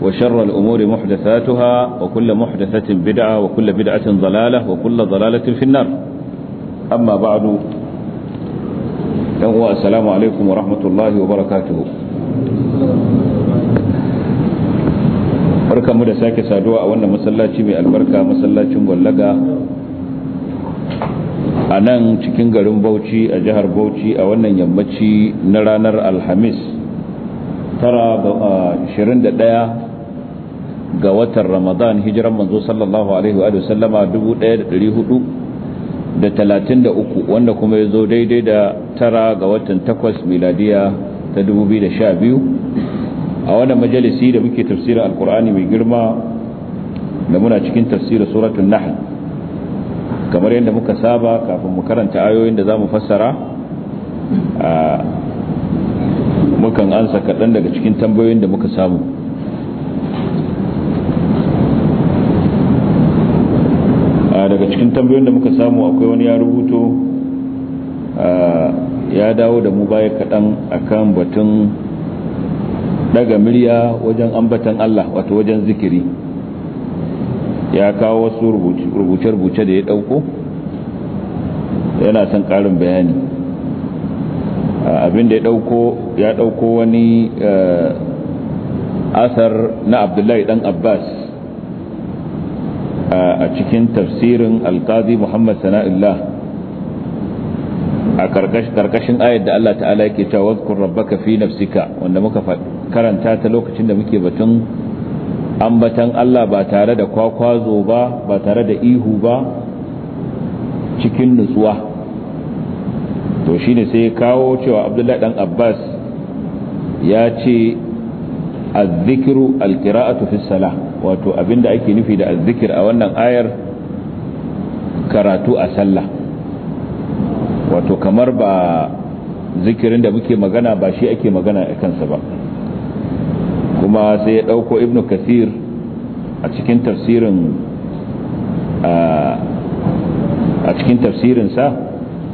وشر الأمور محدثاتها وكل محدثة بدعة وكل بدعة ضلالة وكل ضلالة في النار أما بعد يوم السلام عليكم ورحمة الله وبركاته barkanmu da sake saduwa a wannan masallaci mai albarka masallacin gwallaga a nan cikin garin bauchi a jihar bauchi a wannan yammaci na ranar alhamis 21 ga watan ramadan hijiran manzo sallallahu alaihi wa sallama daya da talatin da uku wanda kuma ya zo daidai da tara ga watan takwas miladiya ta dubu biyu da sha biyu a wannan majalisi da muke tafsirin alkur'ani mai girma da muna cikin tafsirin suratun nahl kamar yadda muka saba kafin mu karanta ayoyin da za mu fassara mukan ansa kaɗan daga cikin tambayoyin da muka samu cikin tambayoyin da muka samu akwai wani ya rubuto ya dawo da mu baya kaɗan akan batun daga murya wajen ambatan Allah wato wajen zikiri ya kawo wasu rubuce-rubuce da ya ɗauko yana son ƙarin bayani abinda ya ɗauko ya ɗauko wani eh, asar na abdullahi ɗan abbas a cikin tafsirin alkazi muhammad sana'illah a karkashin ayar da Allah ta'ala yake cewa wazkur rabbaka fi nafsika wanda muka karanta ta lokacin da muke batun ambatan Allah ba tare da kwakwazo ba ba tare da ihu ba cikin nutsuwa to shine sai kawo cewa abdullahi dan abbas ya ce الذكر القراءة في الصلاة wato abinda ake nufi da azzikir a wannan ayar karatu a sallah wato kamar ba zikirin da muke magana ba shi ake magana a kansa ba kuma sai ya ɗauko ibnu kasir a cikin tafsirin a cikin tafsirinsa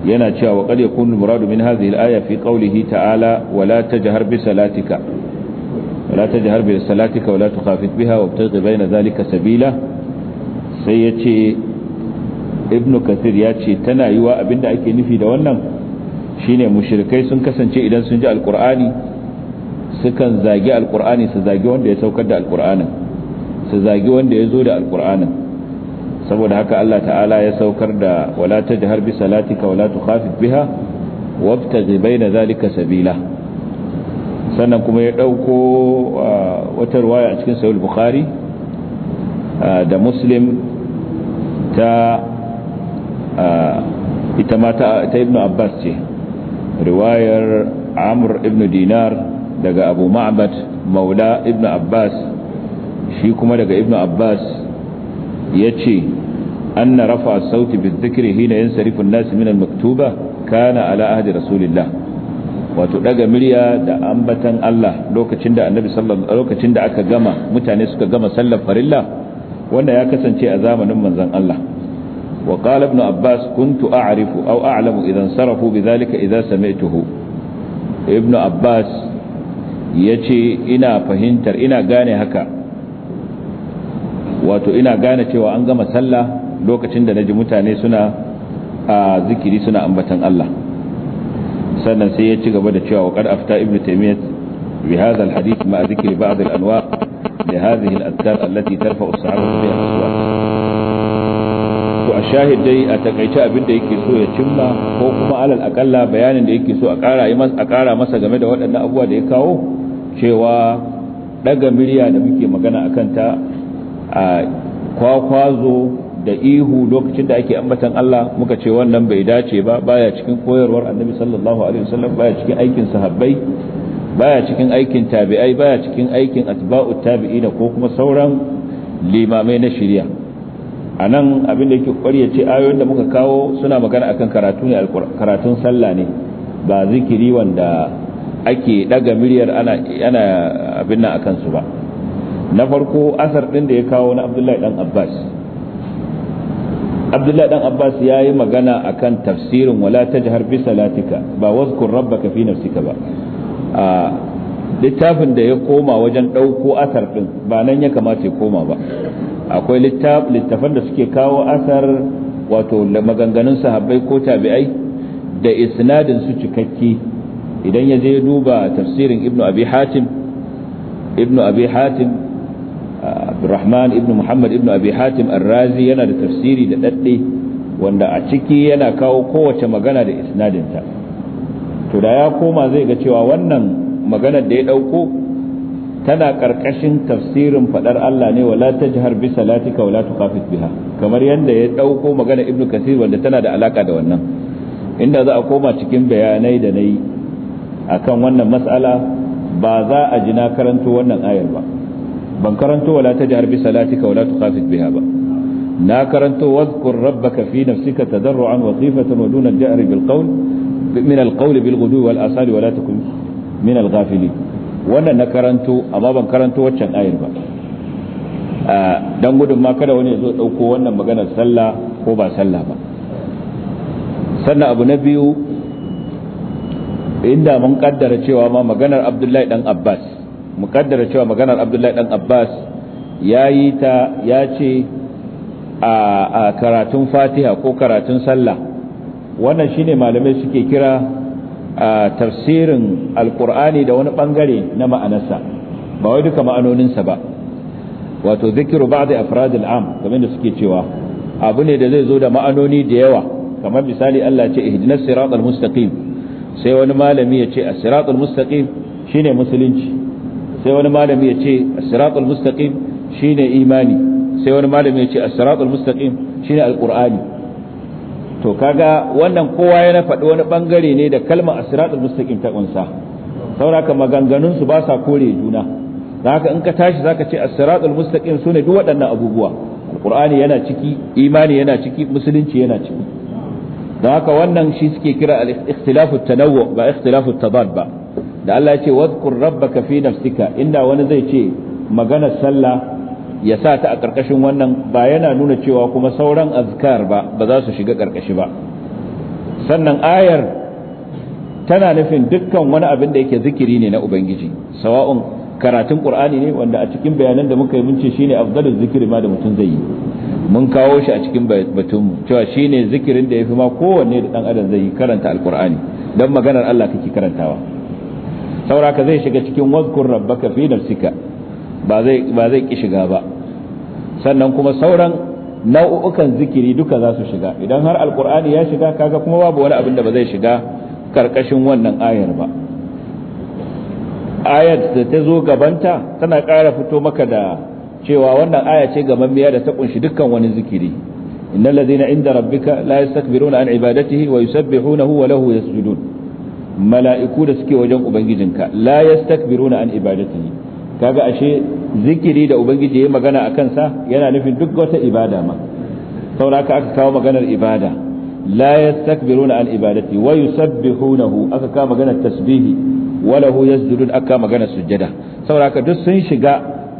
yana cewa wa qad yakunu muradu min hadhihi al-aya fi qawlihi ta'ala wala tajhar bi salatika ولا تجهر برسالاتك ولا تخافت بها وابتغ بين ذلك سبيلا سيتي ابن كثير ياتي تنا يوا abinda ake nufi da wannan shine mushrikai sun kasance idan sun ji alqur'ani sukan zagi alqur'ani su zagi wanda ya saukar da alqur'anin su zagi wanda ya zo da alqur'anin saboda haka Allah ta'ala ya saukar da wala tajhar bi salatika wala tukhafit biha wabtaghi bayna zalika sabila sannan kuma ya ɗauko wata ruwaya a cikin sahih bukhari da muslim ta ita ma ta ibnu abbas ce riwayar amr ibnu dinar daga abu ma'bad maula ibnu abbas shi kuma daga ibnu abbas ya ce an rafa sauti bizikiri hina yin sarifin nasi minan maktuba kana ala ahadi rasulillah wato daga murya da ambatan Allah lokacin da annabi sallallahu lokacin da aka gama mutane suka gama sallar farilla wanda ya kasance a zamanin manzon Allah wa qala ibn abbas kuntu a'rifu aw a'lamu idan sarafu bidhalika idza sami'tuhu ibn abbas yace ina fahimtar ina gane haka wato ina gane cewa an gama sallah lokacin da naji mutane suna a zikiri suna ambatan Allah sannan sai ya ci gaba da cewa wa qad afta ibnu taymiyyah bi hadha al hadith ma dhikri ba'd al anwa' li hadhihi al adkar allati tarfa'u as-sahaba bi aswat to a shahid dai a takaice abin da yake so ya cimma ko kuma alal akalla bayanin da yake so a kara masa a masa game da waɗannan abubuwa da ya kawo cewa daga murya da muke magana akan ta a kwakwazo da ihu lokacin da ake ambatan Allah muka ce wannan bai dace ba baya cikin koyarwar annabi sallallahu alaihi wasallam baya cikin aikin sahabbai baya cikin aikin tabi'ai baya cikin aikin atba'u tabi'ina ko kuma sauran limamai na shari'a anan abin da yake kokari ya ce ayoyin da muka kawo suna magana akan karatu ne karatun sallah ne ba zikiri wanda ake daga miliyar ana yana abin nan akan su ba na farko asar din da ya kawo na Abdullahi dan Abbas abdullahi dan abbas ya yi magana akan tafsirin wala tajhar bi salatika ba wazkur rabbaka fi nafsika ba a littafin da ya koma wajen ɗauko asar ɗin ba nan ya kamata ya koma ba akwai littafan da suke kawo asar wato maganganun sahabbai ko tabi'ai da isnadin su cikakke idan ya je duba tafsirin ibnu abi hatim ibnu abi hatim Abdurrahman ibn Muhammad ibn Abi Hatim Ar-Razi yana da tafsiri da dadde wanda a ciki yana kawo kowace magana da isnadinta to da ya koma zai ga cewa wannan magana da ya dauko tana karkashin tafsirin fadar Allah ne wala tajhar bi salatika wala tuqafit biha kamar yanda ya dauko magana Ibn Kathir wanda tana da alaka da wannan inda za a koma cikin bayanai da nayi akan wannan mas'ala ba za a ji na karanto wannan ayar ba ban karanto wala ta tajhar bi salatika wala tukhafit biha ba na karanto wadhkur rabbaka fi nafsika tadarruan wa khifatan wa duna al-jahri bil qawl min al-qawl bil ghudwi wal asali wala takun min al-ghafilin wannan na karanto amma ban karanto waccan ayar ba dan gudun ma kada wani ya zo dauko wannan maganar sallah ko ba sallah ba sannan abu na biyu inda mun kaddara cewa ma maganar abdullahi dan abbas muƙaddara cewa maganar abdullahi dan abbas ya yi ta ya ce a karatun fatiha ko karatun sallah wannan shine malamai suke kira tafsirin alkur'ani da wani bangare na ma'anarsa ba wai duka ma'anoninsa ba wato zikiru ba'd afradil am kamar da suke cewa abu ne da zai zo da ma'anoni da yawa kamar misali Allah ce ihdinas siratal mustaqim sai wani malami ya ce as-siratal mustaqim shine musulunci sai wani malami ya ce as-siratul mustaqim shine imani sai wani malami ya ce as-siratul mustaqim shine alqur'ani to kaga wannan kowa yana faɗi wani bangare ne da kalmar as-siratul mustaqim ta kunsa sauraka maganganun su ba sa kore juna haka in ka tashi zaka ce as-siratul mustaqim sune duk waɗannan abubuwa alqur'ani yana ciki imani yana ciki musulunci yana ciki da haka wannan shi suke kira al-ikhtilafu tanawwu ba ikhtilafu tadad ba da Allah ya ce wadkur rabbaka fi nafsika inda wani zai ce magana sallah ya sa ta a karkashin wannan ba yana nuna cewa kuma sauran azkar ba ba za su shiga karkashi ba sannan ayar tana nufin dukkan wani abin da yake zikiri ne na ubangiji sawa'un karatun qur'ani ne wanda a cikin bayanan da muka yi mun ce shine afdalul zikiri ma da mutum zai yi mun kawo shi a cikin batunmu cewa shine zikirin da yafi ma kowanne da dan adam zai yi karanta alqur'ani dan maganar Allah kake karantawa sauraka zai shiga cikin wadkur rabbaka fi nafsika ba zai ba ki shiga ba sannan kuma sauran nau'ukan zikiri duka za su shiga idan har alqur'ani ya shiga kaga kuma babu wani abin da ba zai shiga karkashin wannan ayar ba ayat da ta zo gabanta tana ƙara fito maka da cewa wannan aya ce mamiya da ta kunshi dukkan wani zikiri innal ladina inda rabbika la yastakbiruna an ibadatihi wa yusabbihunahu wa lahu yasjudun mala'iku da suke wajen ubangijinka la yastakbiruna an ibadatihi kaga ashe zikiri da ubangiji yayi magana akan sa yana nufin duk wata ibada ma saboda aka kawo maganar ibada la yastakbiruna an ibadati wa yusabbihunahu aka kawo maganar tasbihi walahu lahu yasjudun aka kawo maganar sujjada saboda duk sun shiga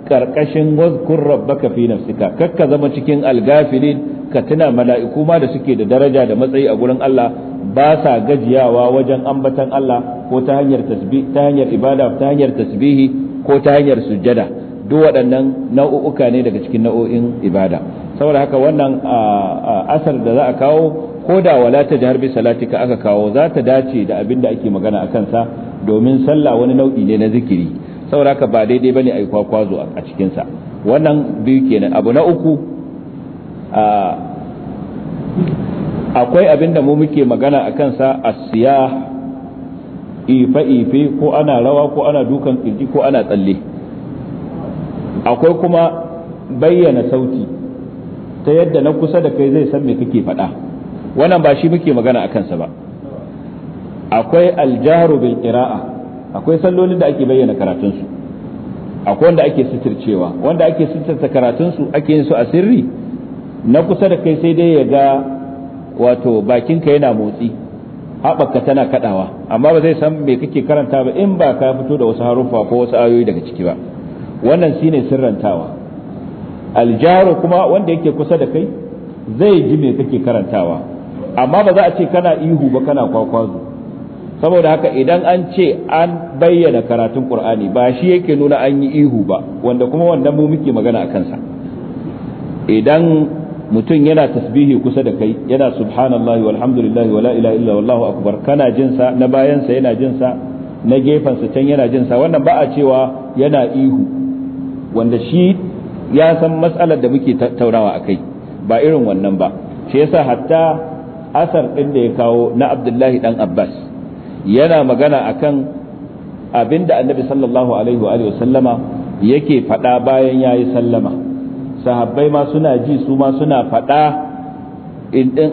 karkashin wazkur rabbaka fi nafsika kakka zama cikin algafilin ka tuna mala'iku ma da suke da daraja da matsayi a gurin Allah ba sa gajiyawa wajen ambatan Allah ko ta hanyar tasbih ta hanyar ibada ta hanyar tasbihi ko ta hanyar sujjada duk waɗannan nau'uka ne daga cikin nau'o'in ibada saboda haka wannan asar da za a kawo ko da wala ta jihar bi salatika aka kawo za ta dace da abin da ake magana a kansa domin sallah wani nau'i ne na zikiri saboda haka ba daidai bane a yi kwakwazo a cikinsa wannan biyu kenan abu na uku akwai abin da mu muke magana a kansa a siya ife-ife ko ana rawa ko ana dukan kirji ko ana tsalle akwai kuma bayyana sauti ta yadda na kusa da kai zai san me kake faɗa wannan ba shi muke magana a kansa ba akwai aljaharu bil qira'a akwai sallolin da ake bayyana karatunsu akwai wanda ake sitircewa wanda ake sitirta karatunsu ake yin su a sirri na kusa da kai sai dai ya ga wato bakinka yana motsi haɓaka tana kaɗawa amma ba zai san me kake karanta ba in ba ka fito da wasu haruffa ko wasu ayoyi daga ciki ba wannan shine sirrantawa aljaru kuma wanda yake kusa da kai zai ji me kake karantawa amma ba za a ce kana ihu ba kana kwakwazo saboda haka idan an ce an bayyana karatun qur'ani ba shi yake nuna an yi ihu ba wanda kuma wannan mu muke magana a kansa idan mutum yana tasbihi kusa da kai yana subhanallahi walhamdulillahi wala ilaha illa wallahu akbar kana jin sa na bayan sa yana jin sa na gefen sa can yana jin sa wannan ba a cewa yana ihu wanda shi ya san matsalar da muke a akai ba irin wannan ba shi yasa hatta asar din da ya kawo na Abdullahi dan Abbas yana magana akan abinda Annabi sallallahu alaihi wa sallama yake faɗa bayan yayi sallama sahabbai ma suna ji su ma suna faɗa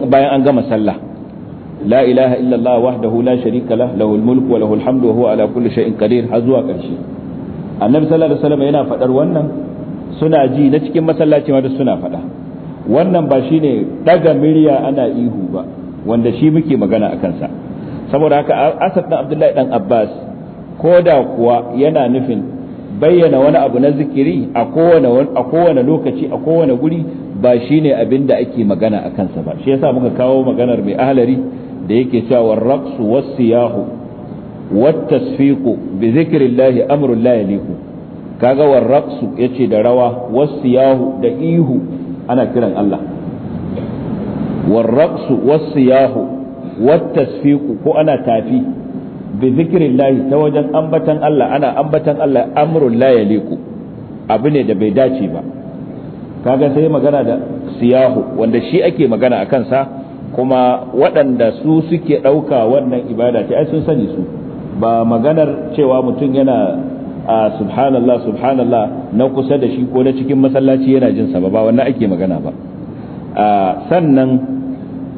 bayan an gama sallah la ilaha illallah wahdahu la sharika lah lahul mulku wa lahul hamdu wa huwa ala kulli shay'in qadir har zuwa ƙarshe annabi sallallahu alaihi wasallam yana faɗar wannan suna ji na cikin masallaci ma suna faɗa wannan ba shine daga murya ana ihu ba wanda shi muke magana a kansa saboda haka asad na abdullahi dan abbas ko da kuwa yana nufin bayyana wani abu na zikiri a kowane lokaci a kowane guri ba shine abin da ake magana a kansa ba shi yasa muka kawo maganar mai ahlari da yake cewa raqsu wat tasfiqu bi zikrillahi amrun la yaliku kaga war raqsu yace da rawa siyahu da ihu ana kiran Allah war raqsu wasiyahu tasfiqu ko ana tafi bi zikrillahi ta wajen ambatan Allah ana ambatan Allah amrul la yaliku abu ne da bai dace ba kaga sai magana da siyahu wanda shi ake magana a kansa kuma waɗanda su suke ɗauka wannan ibada ta ai sun sani su ba maganar cewa mutum yana a subhanallah subhanallah na kusa da shi ko na cikin masallaci yana jin sa ba wannan ake magana ba sannan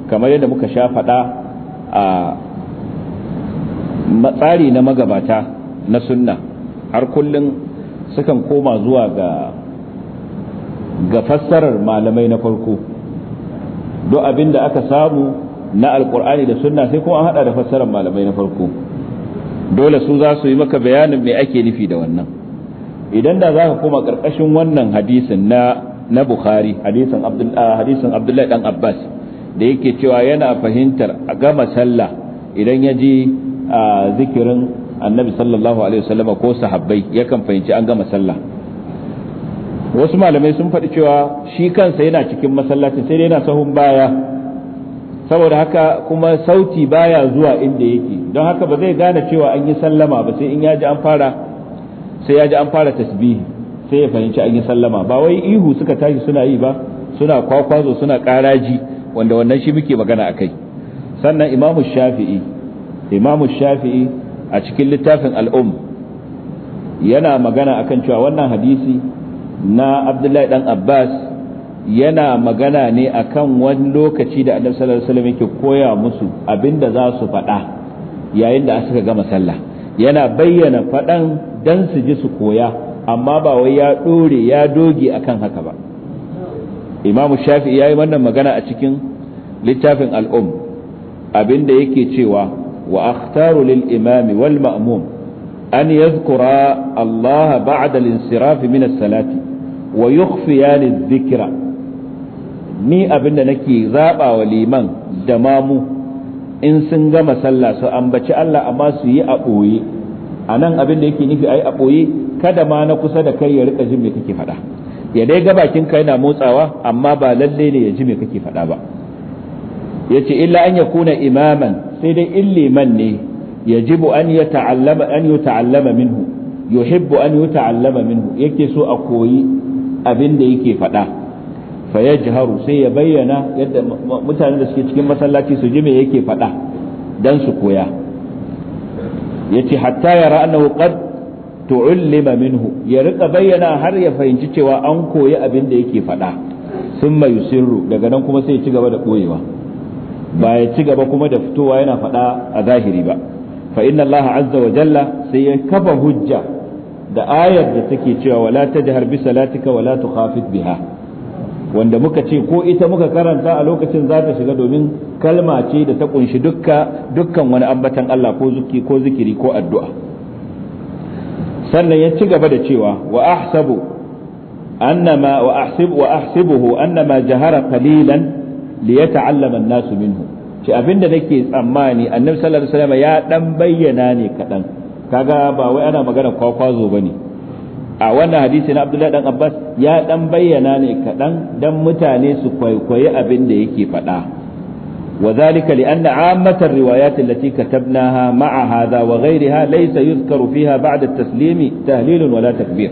kamar yadda muka sha faɗa a matsari na magabata na sunna har kullum sukan koma zuwa ga ga fassarar malamai na farko duk abin da aka samu na alkur'ani da sunna sai kuma an hada da fassarar malamai na farko dole su za su yi maka bayanin me ake nufi da wannan idan da za ka koma ƙarƙashin wannan hadisin na na bukhari hadisin ah, abdullahi dan abbas da yake cewa yana fahimtar a gama sallah idan ya je. A zikirin annabi sallallahu alaihi wasallama ko sahabbai yakan fahimci an gama sallah wasu malamai sun faɗi cewa shi kansa yana cikin masallaci sai dai yana sahun baya saboda haka kuma sauti baya zuwa inda yake don haka ba zai gane cewa an yi sallama ba sai in ya ji an fara sai ya ji an fara tasbihi sai ya fahimci an yi sallama ba wai ihu suka tashi suna yi ba suna kwakwazo suna karaji wanda wannan shi muke magana akai sannan imamu shafi'i imamu shafi'i a cikin littafin al'um yana magana akan cewa wannan hadisi na abdullahi dan abbas yana magana ne akan wani lokaci da annabi sallallahu alaihi wasallam yake koya musu abinda za su faɗa yayin da suka gama sallah yana bayyana faɗan dan su ji su koya amma ba wai ya ɗore ya doge akan haka ba imamu shafi'i ya yi wannan magana a cikin littafin al'um abinda yake cewa وأختار للإمام والمأموم أن يذكر الله بعد الانصراف من الصلاة ويخفيان الذكر ni abin da nake zaɓa wa liman da mamu in sun gama sallah su ambaci Allah amma su yi a ɓoye a nan abin da yake nufi ai a ɓoye kada ma na kusa da kai ya rika jin me kake faɗa ya dai bakin ka yana motsawa amma ba lalle ne ya ji me kake faɗa ba yace illa an ya kuna imaman sai dai in liman ne yajibu an yata'allama an yuta'allama minhu yuhibbu an ta'allama minhu yake so a koyi abin da yake faɗa fa yajharu sai ya bayyana yadda mutanen da suke cikin masallaci su ji me yake faɗa dan su koya yace hatta yara annahu qad tu'allima minhu ya rika bayyana har ya fahimci cewa an koyi abin da yake faɗa mai sirru daga nan kuma sai ya ci gaba da koyewa ba ya ci gaba kuma da fitowa yana faɗa a zahiri ba fa inna Allah azza wa jalla sai ya kafa hujja da ayar da take cewa wala tajhar bi salatika wala tukhafit biha wanda muka ce ko ita muka karanta a lokacin za ta shiga domin kalma ce da ta kunshi dukka dukkan wani ambatan Allah ko zuki ko zikiri ko addu'a sannan ya ci gaba da cewa wa ahsabu annama wa ahsibu wa ahsibuhu annama jahara qalilan li yata'allama an-nasu minhu ce abinda nake tsammani annabi sallallahu alaihi wasallam ya dan bayyana ne kadan kaga ba wai ana magana kwakwazo bane a wannan hadisi na Abdullahi dan Abbas ya dan bayyana ne kadan dan mutane su kwaikwayi abin da yake faɗa وذلك لأن عامة الروايات التي كتبناها مع هذا وغيرها ليس يذكر فيها بعد التسليم تهليل ولا تكبير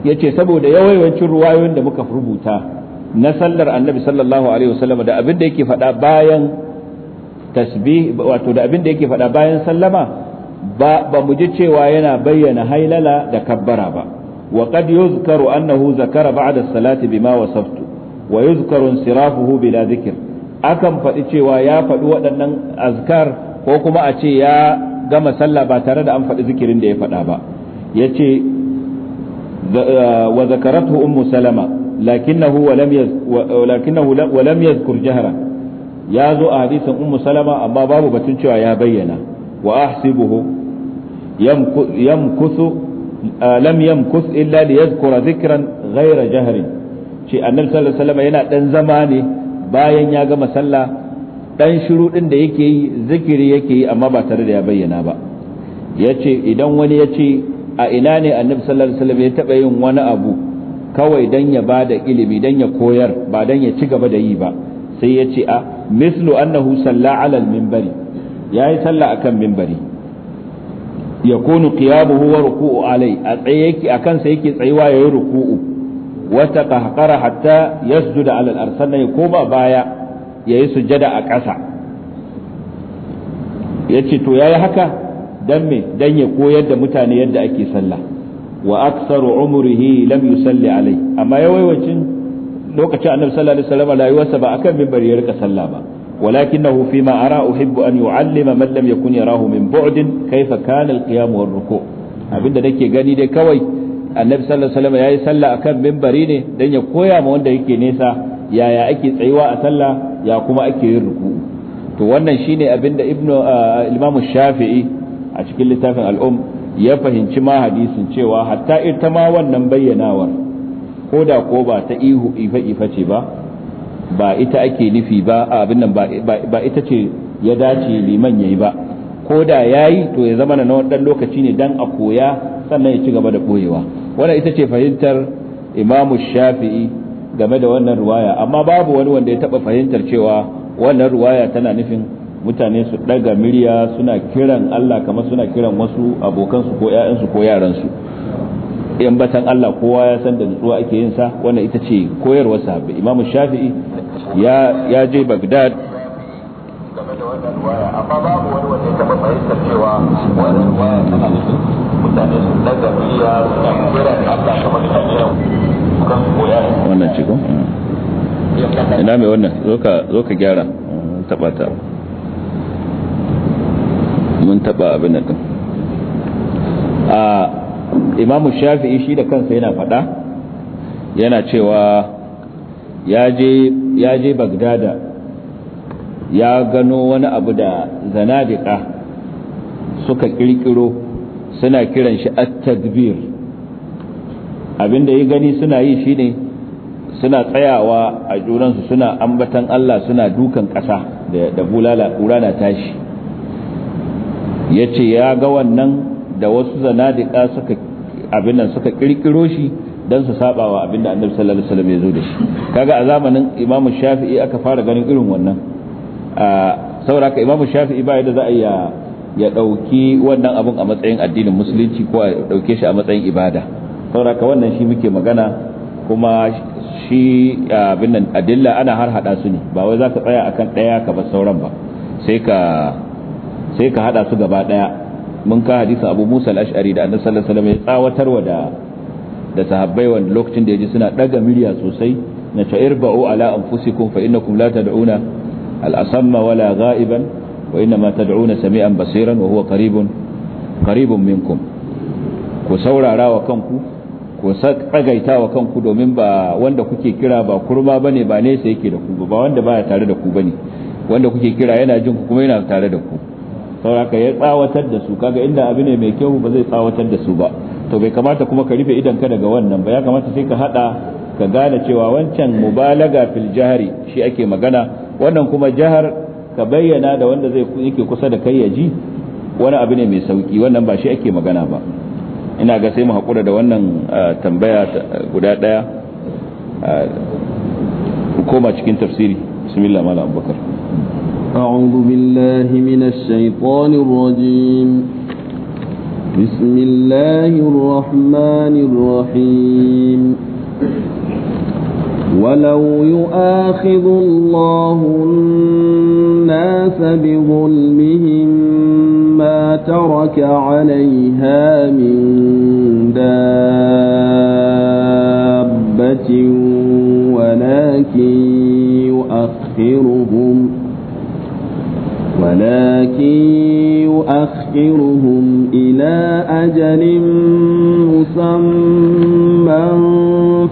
yace saboda yawayawancin ruwayoyin da muka rubuta na sallar annabi sallallahu alaihi wasallam da abin da yake faɗa bayan tasbih wato da abin da yake faɗa bayan sallama ba ba mu ji cewa yana bayyana hailala da kabbara ba wa qad yuzkaru annahu zakara ba'da salati bima wasaftu wa yuzkaru insirafuhu bila zikir? akan faɗi cewa ya faɗi waɗannan azkar ko kuma a ce ya gama sallah ba tare da an faɗi zikirin da ya faɗa ba yace wa zakaratu ummu salama lakinnahu wa lam yadhkur ya zo a hadisin ummu salama amma babu batun cewa ya bayyana wa ahsibuhu yamkuthu lam yamkuth illa liyadhkura dhikran ghayra jahrin ce annabi sallallahu alaihi wasallam yana dan zama ne bayan ya gama sallah dan shiru din da yake yi zikiri yake yi amma ba tare da ya bayyana ba yace idan wani yace a ina ne annabi sallallahu alaihi wasallam ya taba yin wani abu kawai dan ya bada ilimi dan ya koyar ba dan ya ci gaba da yi ba sai ya ce a mislu annahu salla ala al-minbari yayi salla akan minbari kunu qiyamuhu wa ruku'u alai a tsaye yake akan sa yake tsayuwa yayi ruku'u wata taqahqara hatta yasjuda ala al-ard sannan ya koma baya yayi sujada a ƙasa yace to yayi haka dan me dan ya koyar da mutane yadda ake sallah wa aktsaru umrihi lam yusalli alai amma yawancin lokacin annabi sallallahu alaihi wasallam rayuwarsa ba akan minbar ya rika sallah ba ولكنه فيما أرى أحب أن يعلم من لم يكن يراه من بعد كيف كان القيام والركوع abinda nake gani dai kawai annabi sallallahu alaihi wasallam yayi sallah akan mimbari ne dan ya koya ma wanda yake nesa yaya ake tsayuwa a sallah ya kuma ake yin ruku'u to wannan shine abinda ibnu uh, imam shafi'i a cikin littafin al'um ya fahimci ma hadisin cewa hatta ita ma wannan bayyanawar ko da ko ba ta ihu ifa-ifa ce ba ba ita ake nufi ba abin nan ba ita ce ya dace liman yayi ba ko da yayi to ya zama na wannan lokaci ne dan a koya sannan ya ci gaba da koyewa wannan ita ce fahimtar imamu shafi'i game da wannan ruwaya amma babu wani wanda ya taba fahimtar cewa wannan ruwaya tana nufin mutane su daga murya suna kiran Allah kamar suna kiran wasu abokansu ko ‘ya'yansu ko yaransu in batan Allah kowa ya san da nutsuwa ake yin sa wannan ita ce koyarwar sahabbai imamu shafi'i ya ya je bagdad amma babu wani cewa nufin mutane su wannan ciko ina mai wannan zo ka gyara taɓa ta mun taba abin nan a imamu shafi'i shi da kansa yana faɗa yana cewa ya je bagdada ya gano wani abu da zanadiqa suka kirkiro suna kiran shi at-tadbir abinda ya gani suna yi shine suna tsayawa a junansu suna ambatan Allah suna dukan ƙasa da bulala ƙura na tashi ya ce ya ga wannan da wasu zanadika suka abin nan suka kirkiro shi don su saba wa abin da annabi sallallahu alaihi wasallam ya zo da shi kaga a zamanin imam shafi'i aka fara ganin irin wannan saboda ka imam shafi'i ba yadda za a iya ya dauki wannan abun a matsayin addinin musulunci ko a dauke shi a matsayin ibada saboda ka wannan shi muke magana kuma shi abin nan adilla ana har hada su ne ba wai za ka tsaya akan daya ka bar sauran ba sai ka sai ka hada su gaba daya mun ka hadisi abu musa al-ash'ari da annabi sallallahu alaihi wasallam ya tsawatarwa da da sahabbai wanda lokacin da yaji suna daga miliya sosai na ta'irba'u ala anfusikum fa innakum la tad'una al-asamma wala gha'iban wa ma tad'una sami'an basiran wa huwa qaribun qaribun minkum ku saurara wa kanku ku tsagaita wa kanku domin ba wanda kuke kira ba kurma bane ba nesa yake da ku ba wanda baya tare da ku bane wanda kuke kira yana jin ku kuma yana tare da ku sauraka ya tsawatar da su kaga inda abu ne mai kyau ba zai tsawatar da su ba to bai kamata kuma ka rufe idan ka daga wannan ba ya kamata sai ka hada ka gane cewa wancan mubalaga fil jahari shi ake magana wannan kuma jahar ka bayyana da wanda zai yake kusa da kai ya ji wani abu ne mai sauki wannan ba shi ake magana ba ina ga sai mu hakura da wannan tambaya guda daya koma cikin tafsiri bismillah malam abubakar أعوذ بالله من الشيطان الرجيم بسم الله الرحمن الرحيم ولو يؤاخذ الله الناس بظلمهم ما ترك عليها من دابة ولكن يؤخرهم ولكن يؤخرهم إلى أجل مسمى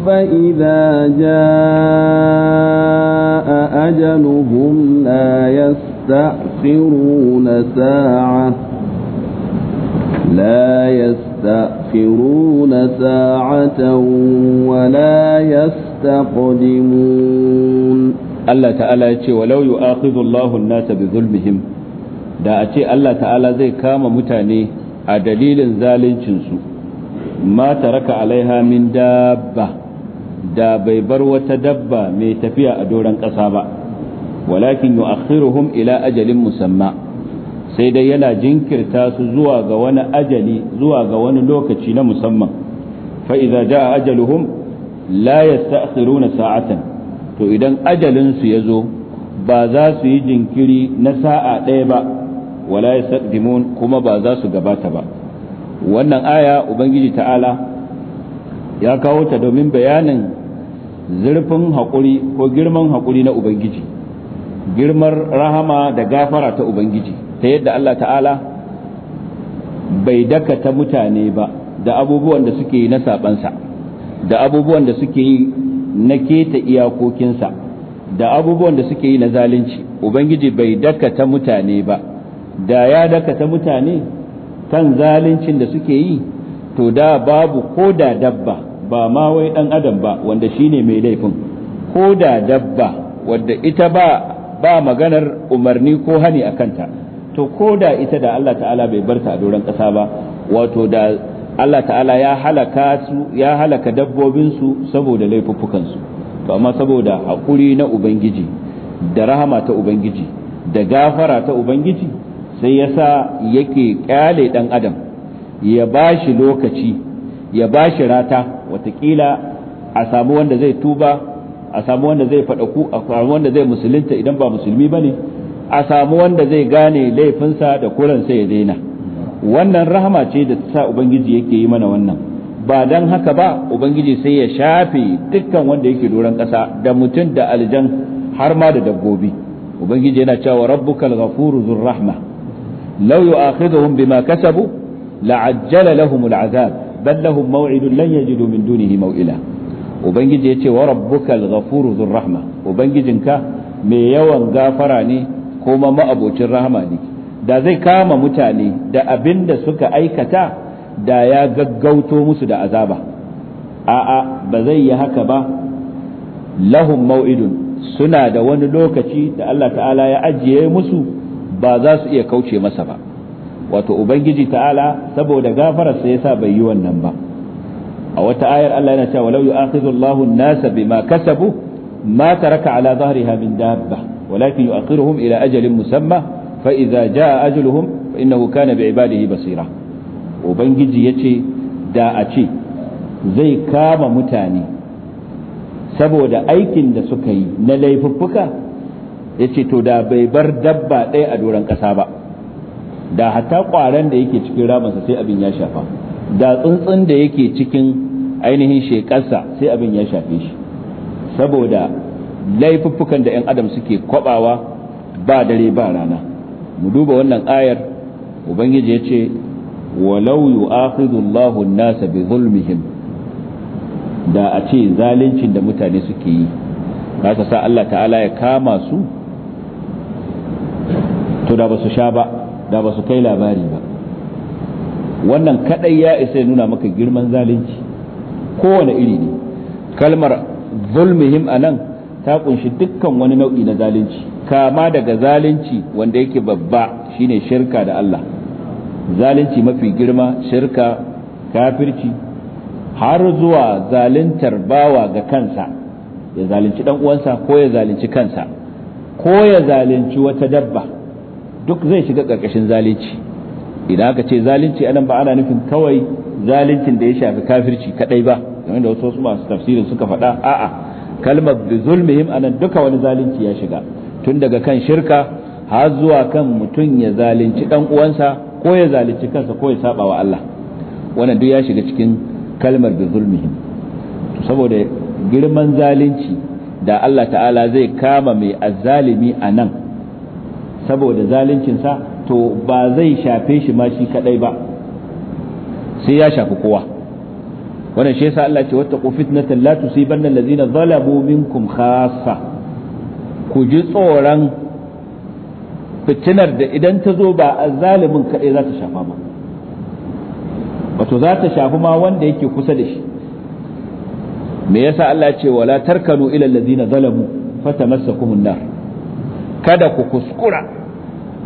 فإذا جاء أجلهم لا يستأخرون ساعة لا يستأخرون ساعة ولا يستقدمون nan Allah ta'ala ya ce walau yu'akhidhu Allahu an-nasa bi zulmihim da a ce Allah ta'ala zai kama mutane a dalilin zalincin su ma taraka alaiha min dabba da bai bar wata dabba mai tafiya a doron ƙasa ba walakin yu'akhiruhum ila ajalin musamma sai dai yana jinkirta su zuwa ga wani ajali zuwa ga wani lokaci na musamman fa idza jaa ajaluhum la yasta'khiruna sa'atan to idan ajalinsu ya zo ba za su yi jinkiri na sa'a ɗaya ba wala yastaqdimun kuma ba za su gabata ba wannan aya ubangiji ta'ala ya kawo ta domin bayanin zurfin hakuri ko girman hakuri na ubangiji Girman rahama da gafara ta ubangiji ta yadda Allah ta'ala bai dakata mutane ba da abubuwan da suke yi na sabansa da abubuwan da suke yi na keta iyakokinsa da abubuwan da suke yi na zalunci ubangiji bai dakata mutane ba da ya dakata mutane kan zaluncin da suke yi to da babu ko da dabba ba ma wai dan adam ba wanda shine mai laifin ko da dabba wadda ita ba ba maganar umarni ko hani a kanta to ko da ita da Allah ta'ala bai barta a doron ƙasa ba wato da Allah ta'ala ya halaka su ya halaka dabbobinsu saboda laifuffukansu to amma saboda hakuri na ubangiji da rahama ta ubangiji da gafara ta ubangiji sai yasa yake kyale ɗan adam ya bashi lokaci ya bashi rata watakila a samu wanda zai tuba a samu wanda zai faɗaku a samu wanda zai musulunta idan ba musulmi bane a samu wanda zai gane laifinsa da kuransa ya daina wannan rahama ce da sa ubangiji yake yi mana wannan ba dan haka ba ubangiji sai ya shafe dukkan wanda yake doron ƙasa da mutum da aljan har ma da dabbobi ubangiji yana cewa rabbukal ghafuru zur rahma law yu'akhidhuhum bima kasabu la'ajjala lahum al'azab bal lahum maw'idun lan yajidu min dunihi maw'ila ubangiji yace wa rabbukal ghafuru zur rahma ubangijinka mai yawan gafara ne kuma ma'abocin rahama ne da zai kama mutane da abin da suka aikata da ya gaggauto musu da azaba a'a ba zai yi haka ba lahum mau'idun suna da wani lokaci da Allah ta'ala ya ajiye musu ba za su iya kauce masa ba wato ubangiji ta'ala saboda gafararsa yasa bai yi wannan ba a wata ayar Allah yana cewa walau yu'akhidhu Allahu an-nasa bima kasabu ma taraka ala dhahriha min dabba walakin yu'akhiruhum ila ajalin musamma fa idza jaa ajaluhum fa innahu kana bi ibadihi basira ubangiji yace da a ce zai kama mutane saboda aikin da suka yi na laifuffuka yace to da bai bar dabba ɗaya a doron ƙasa ba da hatta ƙwaren da yake cikin ramansa sai abin ya shafa da tsuntsun da yake cikin ainihin shekarsa sai abin ya shafe shi saboda laifuffukan da 'yan adam suke kwabawa ba dare ba rana mu duba wannan ayar ubangiji ya ce walau yu'akhidhu Allahu nasa bi zulmihim da a ce zalincin da mutane suke yi kasa sa Allah ta'ala ya kama su to da ba su sha ba da ba su kai labari ba wannan kadai ya isa ya nuna maka girman zalunci kowane iri ne kalmar zulmihim anan ta kunshi dukkan wani nau'i na zalunci kama daga zalunci wanda yake babba shine shirka da Allah zalunci mafi girma shirka kafirci har zuwa zaluntar bawa ga kansa ya zalunci dan uwansa ko ya zalunci kansa ko ya zalunci wata dabba duk zai shiga karkashin zalunci idan aka ce zalunci anan ba ana nufin kawai zaluncin da ya shafi kafirci kadai ba kamar da wasu masu tafsirin suka faɗa a'a kalmar bi zulmihim anan duka wani zalunci ya shiga tun daga kan shirka har zuwa kan mutum ya zalunci dan uwansa ko ya zalunci kansa ko ya saba wa Allah wannan duk ya shiga cikin kalmar bi zulmihim saboda girman zalunci da Allah ta'ala zai kama mai azzalimi a nan saboda zaluncinsa to ba zai shafe shi ma shi kadai ba sai ya shafi kowa wannan shi yasa Allah ce wata fitnatan la tusibanna allazina zalabu minkum khassa ku ji tsoron fitinar da idan ta zo ba azzalimin kaɗai za ta shafa ba wato za ta shafi ma wanda yake kusa da shi me yasa Allah ce wala tarkanu ila allazina zalamu fatamassakumun nar kada ku kuskura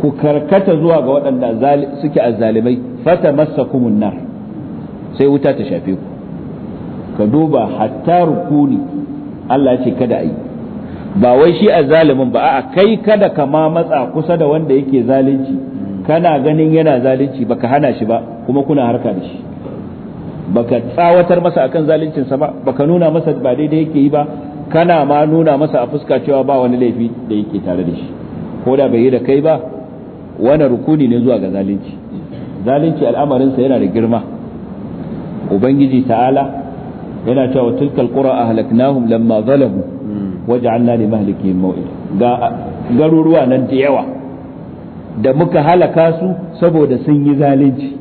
ku karkata zuwa ga waɗanda suke azzalimai fatamassakumun nar sai wuta ta shafe ku ka duba hatta rukuni Allah ce kada ayi. ba wai shi azzalimin ba a'a kai kada ka ma matsa kusa da wanda yake zalunci kana ganin yana zalunci baka hana shi ba kuma kuna harka da shi baka tsawatar masa akan zaluncinsa ba baka nuna masa ba daidai yake yi ba kana ma nuna masa a fuska cewa ba wani laifi da yake tare da shi ko da bai yi da kai ba wani rukuni ne zuwa ga zalunci zalunci al'amarinsa yana da girma ubangiji ta'ala yana cewa tilkal qura ahlaknahum lamma zalamu waj'alna li mahliki maw'ida ga garuruwa nan da yawa da muka halaka su saboda sun yi zalunci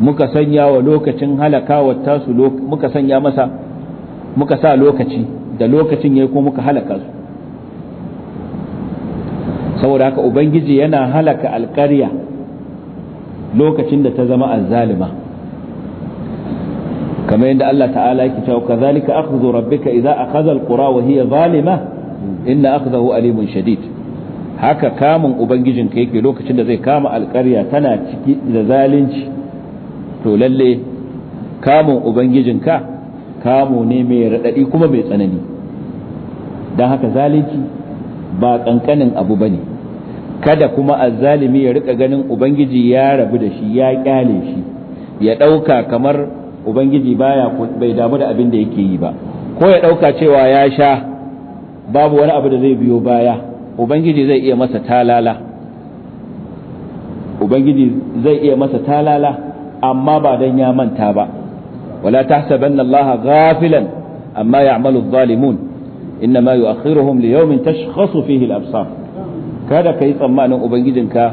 muka sanya wa lokacin halakawa tasu muka sanya masa muka sa lokaci da lokacin yayi ko muka halaka su saboda haka ubangiji yana halaka alƙarya lokacin da ta zama azzalima kamar yadda Allah ta'ala yake cewa kazalika akhdhu rabbika idza akhadha alqura wa hiya zalima inna akhdahu alimun shadid haka kamun ubangijinka yake lokacin da zai kama alƙarya tana ciki da zalunci to lalle kamun ubangijinka kamu ne mai raɗaɗi kuma mai tsanani don haka zalunci ba ƙanƙanin abu ba ne kada kuma azzalimi ya riƙa ganin ubangiji ya rabu da shi ya ƙyale shi ya ɗauka kamar ubangiji baya bai damu da abin da yake yi ba ko ya ɗauka cewa ya sha babu wani abu da zai biyo baya ubangiji zai iya masa talala ubangiji zai iya masa talala amma ba dan ya manta ba wala tahsabanna allaha ghafilan amma ya'malu adh-dhalimun innama yu'akhiruhum li yawmin tashkhasu fihi al-absar kada kai tsammanin ubangijinka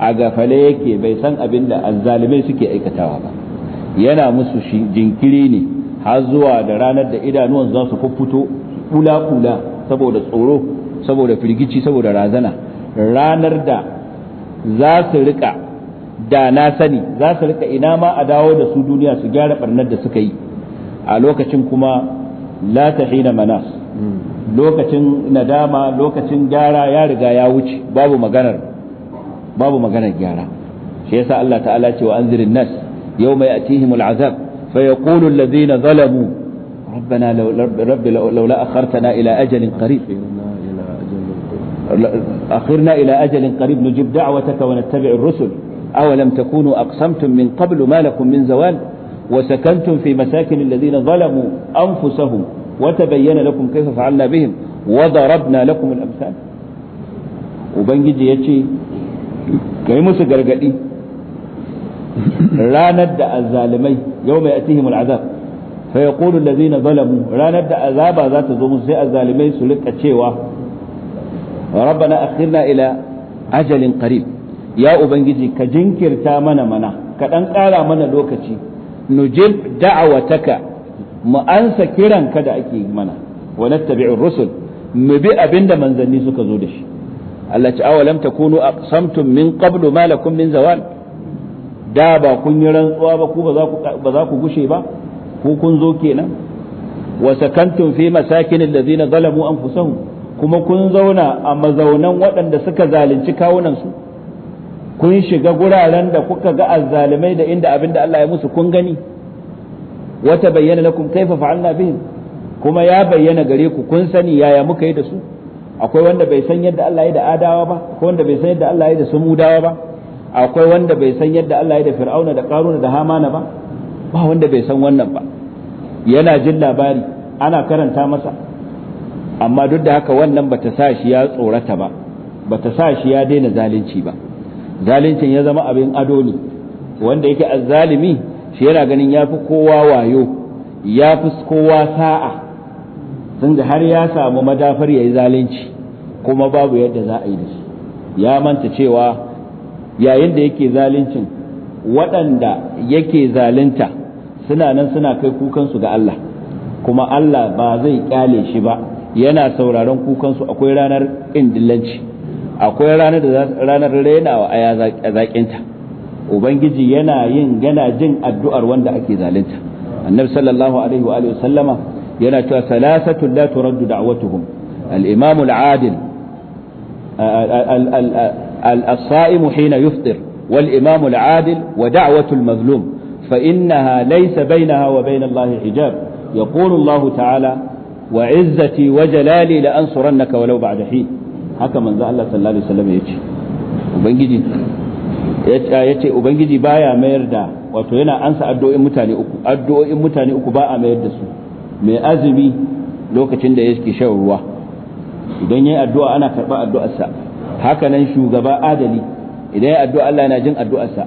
a gafale yake bai san abin da azzalimai suke aikatawa ba yana musu jinkiri ne har zuwa da ranar da idanuwan za su fito kula-kula saboda tsoro saboda firgici saboda razana ranar da za su rika da na sani za su rika ina ma a dawo da su duniya su gyara barnar da suka yi a lokacin kuma la hina manas lokacin nadama lokacin gyara ya riga ya wuce babu maganar babu maganar gyara shi yasa Allah ta'ala ce wa anzirin nas يوم يأتيهم العذاب فيقول الذين ظلموا ربنا لو رب لولا أخرتنا إلى أجل قريب أخرنا إلى أجل قريب نجيب دعوتك ونتبع الرسل أولم تكونوا أقسمتم من قبل ما لكم من زوال وسكنتم في مساكن الذين ظلموا أنفسهم وتبين لكم كيف فعلنا بهم وضربنا لكم الأمثال وبنجي يجي كي مسجر قديم ranar da azzalimai yau mai atihim al'azab fa yaqulu allazina zalamu ranar da azaba za ta zo musu sai azzalimai su rika cewa rabbana akhirna ila ajalin qarib ya ubangiji ka jinkirta mana mana ka dan kara mana lokaci nujib da'awataka mu ansa ka da ake mana wa nattabi'ur rusul mu bi abinda manzanni suka zo da shi Allah ta awalam takunu aqsamtum min qablu ma lakum min zawal da ba kun yi rantsuwa ba ku ba za ku gushe ba ko kun zo kenan wa sakantum fi masakin allazina zalamu anfusahum kuma kun zauna a mazaunan waɗanda suka zalunci kawunansu kun shiga guraren da kuka ga azzalimai da inda abinda Allah ya musu kun gani wata bayyana lakum kaifa fa'alna bihim kuma ya bayyana gare ku kun sani yaya muka yi da su akwai wanda bai san yadda Allah ya da adawa ba akwai wanda bai san yadda Allah ya da sumudawa ba akwai wanda bai san yadda Allah ya da fir'auna da karuna da hamana ba ba wanda bai san wannan ba yana jin labari ana karanta masa amma duk da haka wannan bata sa shi ya tsorata ba bata sa shi ya daina zalunci ba zaluncin ya zama abin ado ne wanda yake azzalimi shi yana ganin ya fi kowa wayo ya fi kowa sa'a sun da har ya samu madafar ya yi zalunci kuma babu yadda za a yi da shi ya manta cewa yayin da yake zaluncin waɗanda yake zalunta suna nan suna kai kukansu ga Allah kuma Allah ba zai kyale shi ba yana sauraron kukansu akwai ranar indillanci akwai ranar da ranar renawa a zaƙinta ubangiji yana yin gana jin addu'ar wanda ake zalunta annabi sallallahu alaihi wa alihi sallama yana cewa salasatu la turaddu da'watuhum al-imam al-adil الصائم حين يفطر والإمام العادل ودعوة المظلوم فإنها ليس بينها وبين الله حجاب يقول الله تعالى وعزتي وجلالي لأنصرنك ولو بعد حين haka manzo Allah sallallahu alaihi wasallam yace ubangiji yace ubangiji baya mayar da wato yana ansa addu'o'in mutane uku mutane uku ba a mayar da su mai azumi lokacin da yake shan ruwa idan yayi addu'a ana karba addu'arsa haka nan shugaba adali idan ya addu'a Allah yana jin addu'arsa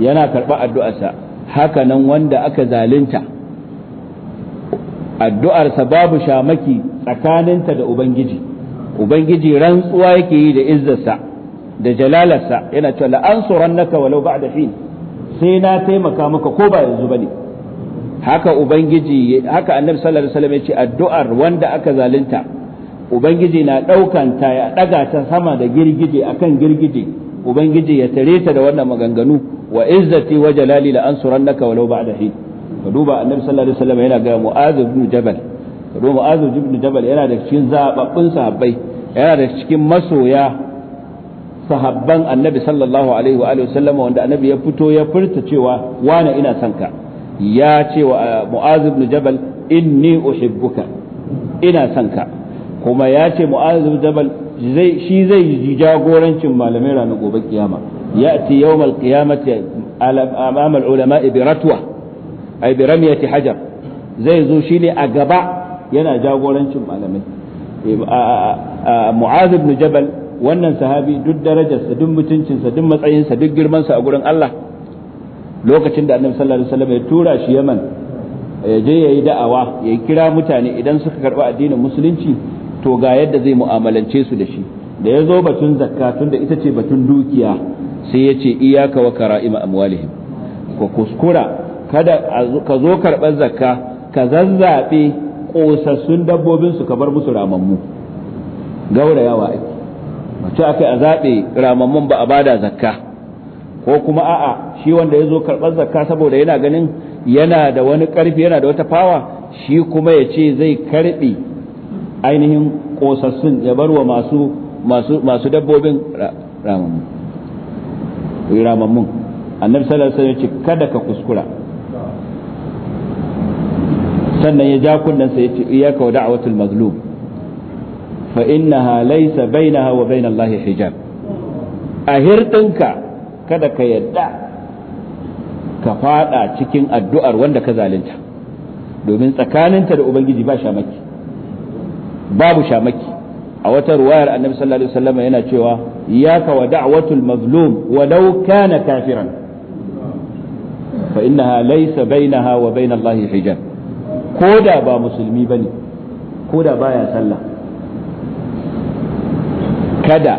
yana karɓa addu'arsa haka nan wanda aka zalunta addu'arsa babu shamaki tsakaninta da ubangiji ubangiji rantsuwa yake yi da izzarsa da jalalarsa yana cewa la'ansurannaka walau ba'da hin sai na taimaka maka ko ba yanzu bane haka ubangiji haka annabi sallallahu alaihi wasallam ya ce addu'ar wanda aka zalunta ubangiji na ɗaukanta ta ya ɗaga ta sama da girgije a kan girgije ubangiji ya tare ta da wannan maganganu wa izzati wa jalali la ansurannaka walau ba'da hin ka duba annabi sallallahu alaihi wasallam yana ga mu'adh ibn jabal ka duba mu'adh ibn jabal yana da cikin zababbun sahabbai yana da cikin masoya sahabban annabi sallallahu alaihi wa alihi wasallam wanda annabi ya fito ya furta cewa wani ina son ka ya ce wa mu'adh ibn jabal inni uhibbuka ina son ka kuma ya ce mu'az jabal zai shi zai ji jagorancin malamai ranar gobe kiyama ya'ti yawmal qiyamati amama al-ulama bi ratwa ay bi hajar zai zo shi ne a gaba yana jagorancin malamai eh, mu'az bin jabal wannan sahabi duk darajarsa duk mutuncinsa duk matsayinsa duk girmansa a gurin Allah lokacin da annabi sallallahu alaihi wasallam ya tura shi Yaman ya je yayi da'awa ya kira mutane idan suka karba addinin musulunci to ga yadda zai mu'amalance su da shi da ya zo batun zakka tun da ita ce batun dukiya sai ya ce iyaka wa kara'ima amwalihim ko kuskura kada ka zo karɓar zakka ka zazzaɓe ƙosassun dabbobin su ka bar musu ramammu gaurayawa ake mace aka a zaɓe ramammun ba a bada zakka ko kuma a'a shi wanda ya zo karɓar zakka saboda yana ganin yana da wani ƙarfi yana da wata fawa shi kuma ya ce zai karɓe ainihin kosassun ya bar wa masu dabbobin ramammun annabi sallallahu alaihi wasallam ce kada ka kuskura sannan ya ja kunnan sa ya ce iyyaka wa da'watul mazlum fa innaha laysa bainaha wa bain Allah hijab a kada ka yadda ka fada cikin addu'ar wanda ka zalunta domin tsakaninta da ubangiji ba shamaki babu shamaki a wata ruwayar annabi sallallahu alaihi wasallam yana cewa iyyaka wa da'watul mazlum walau kana kafiran fa innaha laysa bainaha wa bain Allah hijab koda ba musulmi bane koda baya sallah kada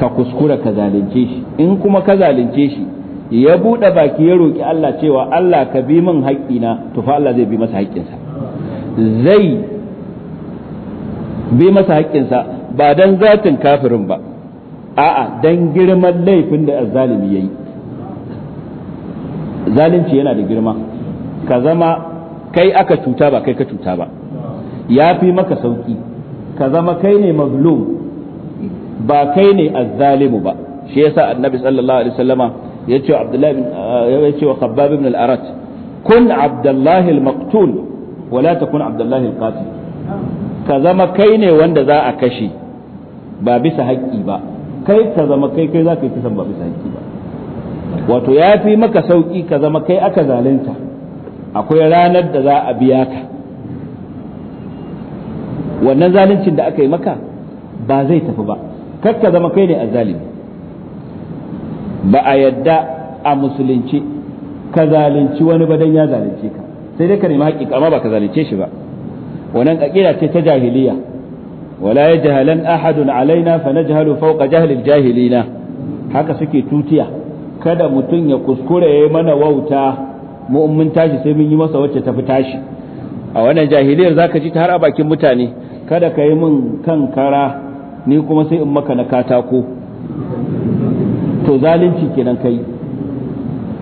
ka kuskura ka zalunce shi in kuma ka zalunce shi ya buɗe baki ya roƙi Allah cewa Allah ka bi min haƙƙina to fa Allah zai bi masa haƙƙinsa zai bi masa haƙƙinsa ba don zatin kafirin ba a'a don girman laifin da ya yi zalunci yana da girma ka zama kai aka cuta ba kai ka cuta ba ya fi maka sauƙi ka zama kai ne mazlum ba kai ne azzalimu ba shi yasa annabi sallallahu alaihi wasallama ya ce ya ce wa khabbab ibn al-arat kun abdullahi al-maqtul wa la takun abdullahi al-qatil ka zama kai ne wanda za a kashe ba bisa haƙƙi ba kai ka zama kai kai za ka yi kisan ba bisa haƙƙi ba wato ya fi maka sauƙi ka zama kai aka zalunta akwai ranar da za a biya ka wannan zaluncin da aka yi maka ba zai tafi ba kar ka zama kai ne azzalimi ba a yadda a musulunci ka zalunci wani ba don ya zalunce ka sai dai ka nemi haƙƙi amma ba ka zalunce shi ba wannan kakira ce ta jahiliya wala yajhalan ahadun alaina fanajhalu fawqa jahli jahilina haka suke tutiya kada mutum ya kuskure yayi mana wauta mu mun tashi sai mun yi masa wacce tafi tashi a wannan jahiliyar zaka ji ta har a bakin mutane kada ka yi min kan kara ni kuma sai in maka na katako to zalunci kenan kai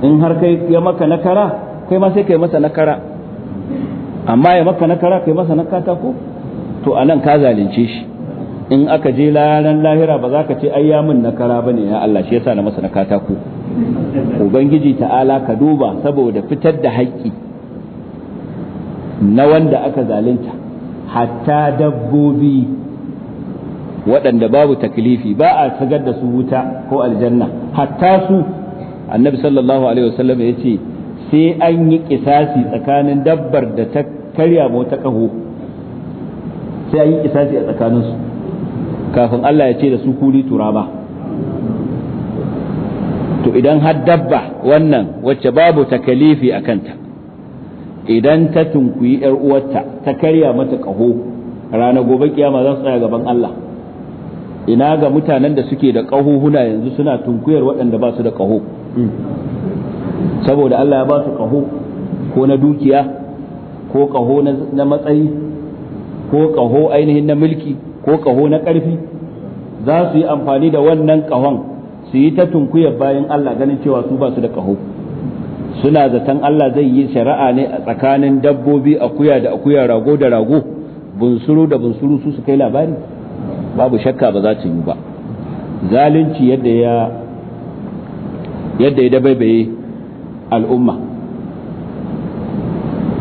in har kai ya maka na kara kai ma sai kai masa na kara amma ya maka na kara kai masa na katako to a nan ka zalunce shi in aka je ranar lahira ba za ka ce ai ya na kara bane ya Allah shi yasa na masa na katako ubangiji ta'ala ka duba saboda fitar da haƙƙi na wanda aka zalunta hatta dabbobi waɗanda babu taklifi ba a sagar da su wuta ko aljanna hatta su annabi sallallahu alaihi wasallam ya ce sai an yi kisasi tsakanin dabbar da ta karya mu wata kaho sai an yi kisasi a tsakaninsu kafin Allah ya ce da su kuli turaba to idan har dabba wannan wacce babu takalifi a kanta idan ta tunkuyi yar uwarta ta karya mata kaho rana gobe kiyama zan tsaya gaban Allah ina ga mutanen da suke da kaho yanzu suna tunkuyar waɗanda ba su da kaho saboda Allah ya ba su kaho ko na dukiya ko kaho na matsayi ko kaho ainihin na mulki ko kaho na ƙarfi za su yi amfani da wannan kahon su yi ta tunkuyar bayan Allah ganin cewa su ba su da kaho suna zaton Allah zai yi shari'a ne a tsakanin dabbobi akuya da akuya rago da rago bunsuru da bunsuru su su kai labari babu shakka ba za su yi ba zalunci yadda ya yadda ya dabaibaye al'umma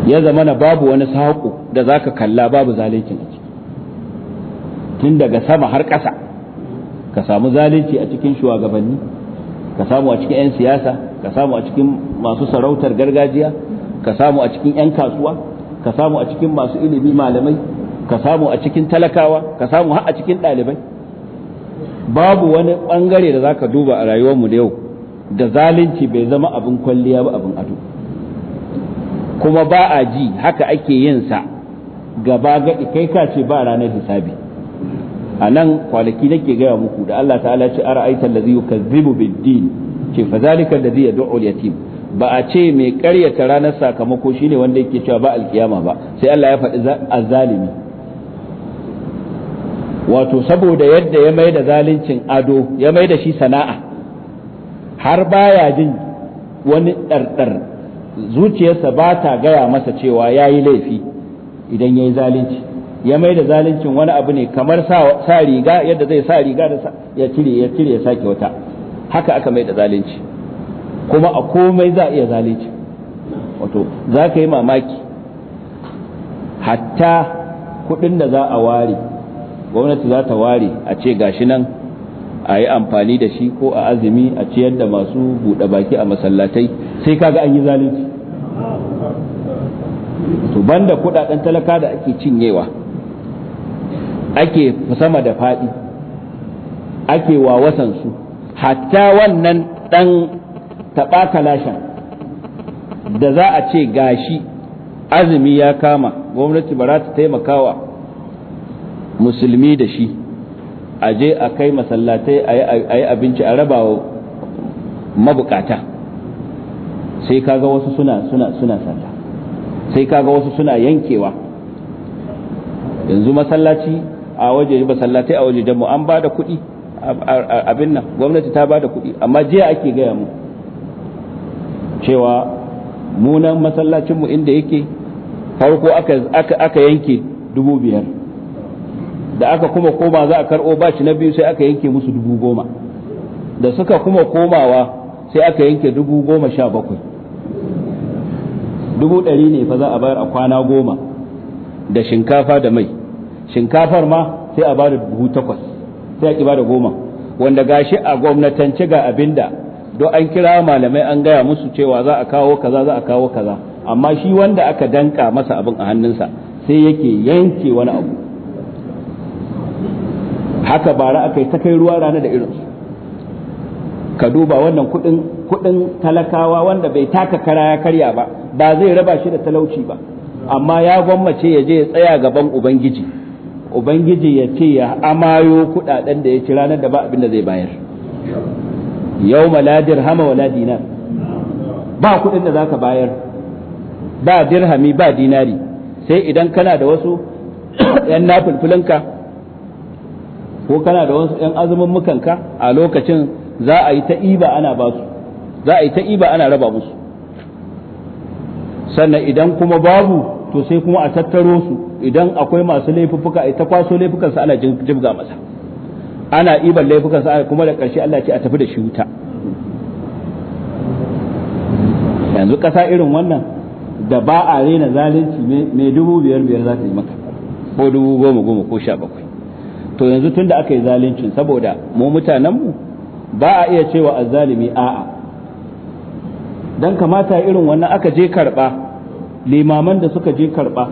ya zamana babu wani saƙo da za ka kalla babu zalincin a ciki tun daga sama har ƙasa ka samu zalunci a cikin shugabanni ka samu a cikin 'yan siyasa ka samu a cikin masu sarautar gargajiya ka samu a cikin 'yan kasuwa ka samu a cikin masu ilimi malamai ka samu a cikin talakawa ka samu har a cikin ɗalibai babu wani ɓangare da za ka duba a rayuwarmu da yau da zalunci bai zama abin kwalliya ba abin ado kuma ba a ji haka ake yin sa gaba ga kai ka ce ba ranar hisabi a nan kwanaki nake gaya muku da Allah ta'ala ce ara'aita allazi yukazzibu bid-din ce fa zalika allazi yad'u al-yatim ba a ce mai karyata ranar sakamako shine wanda yake cewa ba alkiyama ba sai Allah ya faɗi azzalimi wato saboda yadda ya maida da zaluncin ado ya mai da shi sana'a har baya jin wani ɗarɗar zuciyarsa ba ta gaya masa cewa ya yi laifi idan ya yi zalunci ya mai da zaluncin wani abu ne kamar sa riga yadda zai sa riga da ya cire ya cire ya sake wata haka aka mai da zalunci kuma a komai za a iya zalunci wato za ka yi mamaki hatta kuɗin da za a ware gwamnati za ta ware a ce gashi nan a yi amfani da shi ko a azumi a ciyar da masu buɗe baki a masallatai sai kaga an yi zalunci to banda kudaden talaka da ake cinyewa ake sama da faɗi ake wasan su hatta wannan ɗan taɓa kalashin da za a ce gashi azumi ya kama gwamnati ba za ta taimakawa musulmi da shi a je a kai masallatai a yi abinci a raba mabukata sai kaga wasu suna suna suna sata sai kaga wasu suna yankewa yanzu masallaci a waje masallatai a waje mu an ba da kuɗi abin nan gwamnati ta ba da kuɗi amma jiya ake gaya mu cewa munan masallacinmu inda yake farko aka yanke dubu biyar da aka kuma koma za a karɓo bashi na biyu sai aka yanke musu dubu goma da suka kuma komawa sai aka yanke dubu goma sha bakwai dubu ɗari ne fa za a bayar a kwana goma da shinkafa da mai shinkafar ma sai a ba da dubu takwas sai a ba da goma wanda gashi a gwamnatance ga abinda don an kira malamai an gaya musu cewa za a kawo kaza za a kawo kaza amma shi wanda aka danka masa abin a hannunsa sai yake yanke wani abu haka bara aka yi ta kai ruwa rana da irinsu ka duba wannan kudin kudin talakawa wanda bai taka kara ya karya ba ba zai raba shi da talauci ba amma ya gwammace ya je ya tsaya gaban ubangiji ubangiji ya ce ya amayo kudaden da ya ci ranar da ba abin da zai bayar yau maladir hama wala dinar ba kudin da zaka bayar ba dirhami ba dinari sai idan kana da wasu yan nafulfulinka ko kana da wasu yan azumin mukanka a lokacin za a yi ta iba ana ba su za a yi ta iba ana raba musu sannan idan kuma babu to sai kuma a tattaro su idan akwai masu laifuka a ta kwaso laifukansa ana jibga masa ana iban laifukansa kuma da ƙarshe Allah ce a tafi da shi wuta yanzu ƙasa irin wannan da ba a rena zalunci mai dubu biyar biyar za ta yi maka ko dubu goma goma ko sha bakwai to yanzu tun da aka yi zaluncin saboda mu mutanenmu ba a iya cewa azzalimi a'a dan kamata irin wannan aka je karba limaman da suka je karba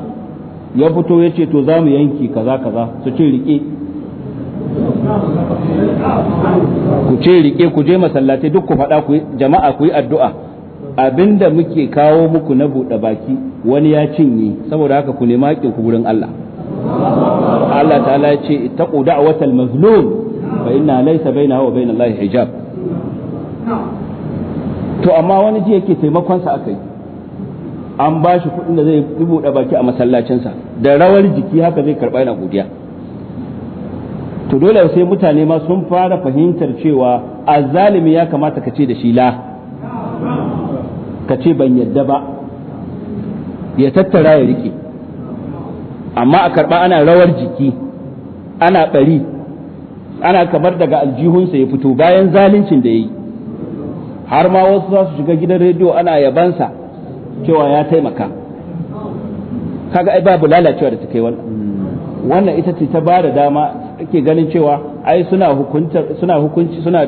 ya fito ya ce to za mu yanki kaza kaza su ce rike ku ce rike ku je masallatai duk ku faɗa ku jama'a ku yi addu'a abinda muke kawo muku na buɗe baki wani ya cinye saboda haka ku nema ku gurin Allah Allah ta'ala ya ce a watan mazlum bai na hawa bai na layi hijab to amma wani ji yake taimakon sa yi, an ba shi kuɗin da zai buɗe baki a masallacinsa da rawar jiki haka zai karɓa yana godiya to dole sai mutane ma sun fara fahimtar cewa zalimi ya kamata ka ce da shi la ka ce ban yadda ba ya tattara ya rike amma a karɓa ana rawar jiki ana ɓari ana kamar daga aljihunsa ya fito bayan zaluncin da ya yi har ma wasu za su shiga gidan rediyo ana yabansa cewa ya taimaka kaga ai babu lalacewa da ta kai wannan wannan ita ce ta ba da dama ake ganin cewa ai suna hukuntar suna hukunci suna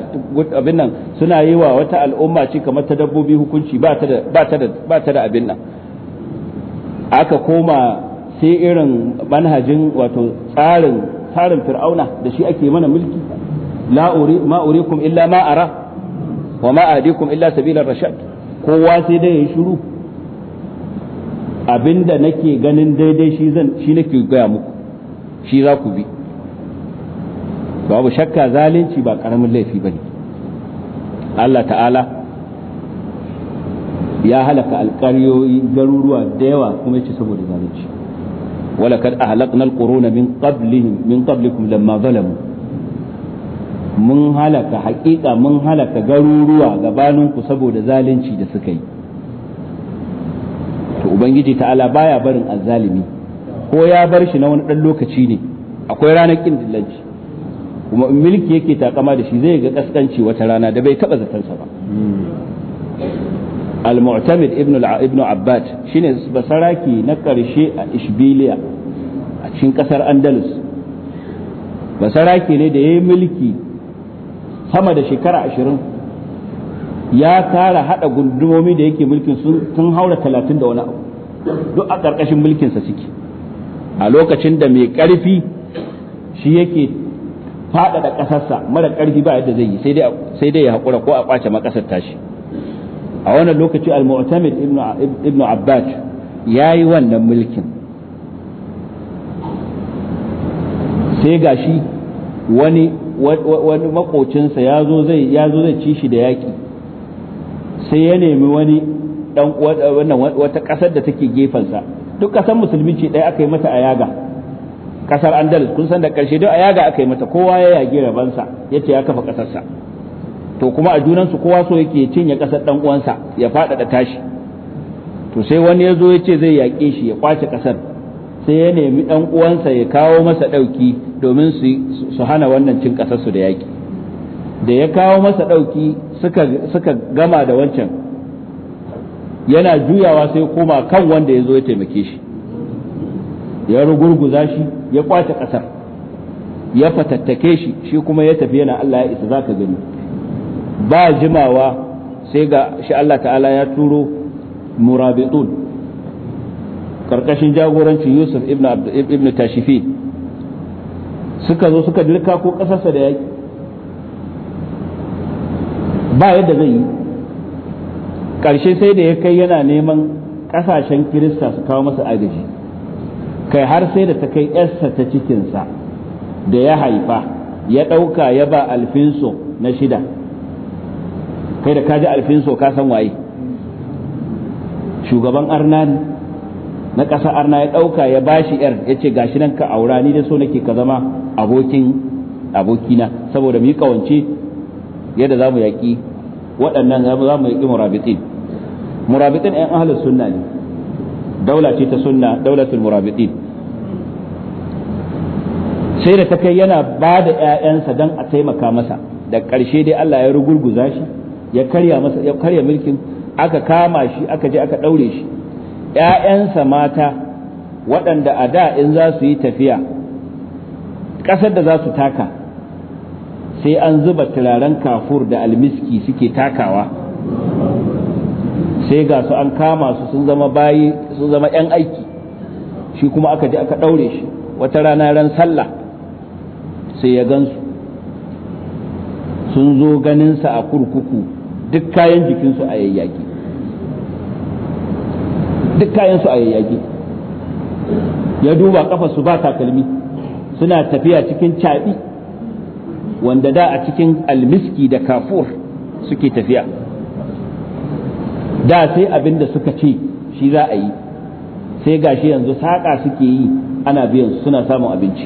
abin nan suna yi wa wata al'umma ce kamar ta dabbobi hukunci ba ta da ba ta da ba ta da abin nan aka koma sai irin manhajin wato tsarin tsarin fir'auna da shi ake mana mulki la uri ma urikum illa ma ara wa ma adikum illa sabilar rashad kowa sai dai yayi shiru abinda nake ganin daidai shi zan shi nake gaya muku shi za ku bi babu shakka zalunci ba karamin laifi bane Allah ta'ala ya halaka alƙaryoyi garuruwa da yawa kuma yace saboda zalunci ولقد أهلكنا القرون من قبلهم من قبلكم لما ظلموا mun halaka haƙiƙa mun halaka garuruwa gabaninku saboda zalunci da suka yi to ubangiji ta'ala baya barin azzalimi ko ya bar shi na wani ɗan lokaci ne akwai ranar ƙin dillanci kuma mulki yake takama da shi zai ga kaskanci wata rana da bai taɓa zatansa ba al-mu'tamid ibn ibn abbad shine basaraki na karshe a ishbiliya a cikin kasar andalus basaraki ne da yayi mulki sama da shekara ashirin ya tara hada gundumomi da yake mulkin sun haura talatin da wani abu duk a ƙarƙashin mulkinsa suke a lokacin da mai ƙarfi shi yake faɗaɗa ƙasarsa mara ƙarfi ba yadda zai yi sai dai ya haƙura ko a ƙwace makasar tashi a wannan lokaci al-mu'tamid ibn abbas ya yi wannan mulkin sai gashi wani wani makocinsa ya zo zai ci shi da yaki sai ya nemi wani dan wata kasar da take gefensa duk kasar musulmi ce ɗaya aka yi mata a yaga kasar andalus kun san da karshe duk a yaga aka yi mata kowa ya yage rabansa yace ya kafa kasarsa to kuma a junansu kowa so yake cinye ƙasar ɗan uwansa ya faɗaɗa tashi to sai wani ya zo ya ce zai yaƙe shi ya ƙwace ƙasar sai ya nemi ɗan uwansa ya kawo masa ɗauki domin su hana wannan cin ƙasarsu da yaƙi da ya kawo masa ɗauki suka gama da wancan yana juyawa sai koma kan wanda ya zo ya taimake shi ya rugurguza shi ya ƙwace ƙasar ya fatattake shi shi kuma ya tafi yana Allah ya isa za ka gani ba jimawa sai ga shi Allah ta'ala ya turo murabitun karkashin jagorancin yusuf ibn tashifi suka zo suka dirka ko kasarsa da yaki ba yadda zai yi ƙarshe sai da ya kai yana neman ƙasashen kirista su kawo masa agaji kai har sai da ta kai yarsa ta cikinsa da ya haifa ya ɗauka ya ba alfinsu na shida kai da ka ji alfin so ka san waye shugaban arna na ƙasa arna ya ɗauka ya bashi yar ya ce gashi nan ka aura ni da so nake ka zama abokin abokina saboda mu yi kawance yadda za mu yaƙi waɗannan za mu yaƙi murabitin murabitin 'yan ahalar sunna ne daula ce ta sunna daulatul murabitin sai da ta kai yana ba da 'ya'yansa don a taimaka masa da ƙarshe dai Allah ya rugurguza shi ya karya masa ya karya mulkin aka kama shi aka je aka daure shi ƴaƴansa mata waɗanda a da in za su yi tafiya ƙasar da za su taka sai an zuba turaren kafur da almiski suke takawa sai ga su an kama su sun zama bayi sun zama 'yan aiki shi kuma aka je aka ɗaure shi wata rana ran sallah sai ya gansu sun zo ganinsa a kurkuku duk kayan jikinsu a yayyaki duk kayansu a yayyage ya duba kafa su ba takalmi suna tafiya cikin caɓi wanda da a cikin almiski da kafur suke tafiya da sai abinda suka ce shi za a yi sai gashi yanzu saƙa suke yi ana biyan su suna samun abinci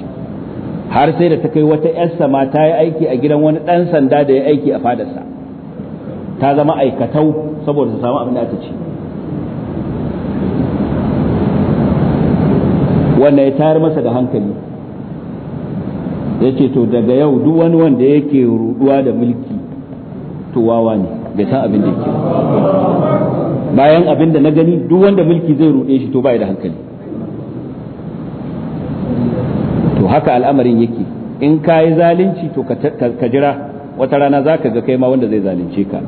har sai da ta kai wata 'yarsa ma ta yi aiki a gidan wani ɗan sanda da ya aiki a fadarsa ta zama aikatau saboda ta samu abin da aka ci wannan ya tayar masa da hankali ya ce to daga yau duk wani wanda yake ruduwa da mulki to wawa ne bai san abin da yake bayan abin da na gani duk wanda mulki zai rude shi to bai da hankali to haka al'amarin yake in ka yi zalunci to ka jira wata rana za ka ga kai ma wanda zai zalunce ka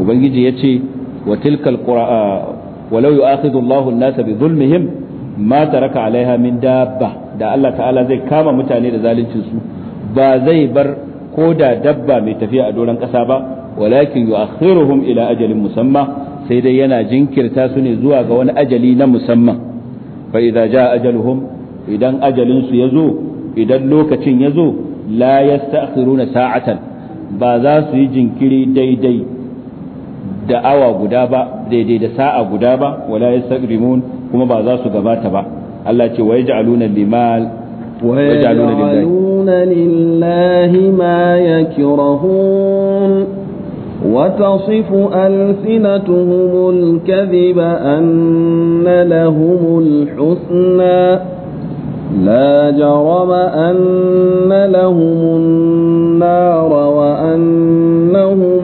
ubangiji ya ce wa tilkal walau yu'akhidhu Allahu an-nasa bi zulmihim ma taraka 'alaiha min dabba da Allah ta'ala zai kama mutane da zaluncin su ba zai bar ko da dabba mai tafiya a doron ƙasa ba walakin yu'akhiruhum ila ajalin musamma sai dai yana jinkirta su ne zuwa ga wani ajali na musamman fa idza jaa ajaluhum idan ajalin su yazo idan lokacin yazo la yasta'khiruna sa'atan ba za su yi jinkiri daidai da awa guda ba daidai da sa'a guda ba wala yastagrimun kuma ba za su gabata ba Allah ce wa yaj'aluna limal ويجعلون kadiba ما na وتصف ألسنتهم الكذب أن لهم الحسنى لا جرم أن لهم النار وأنهم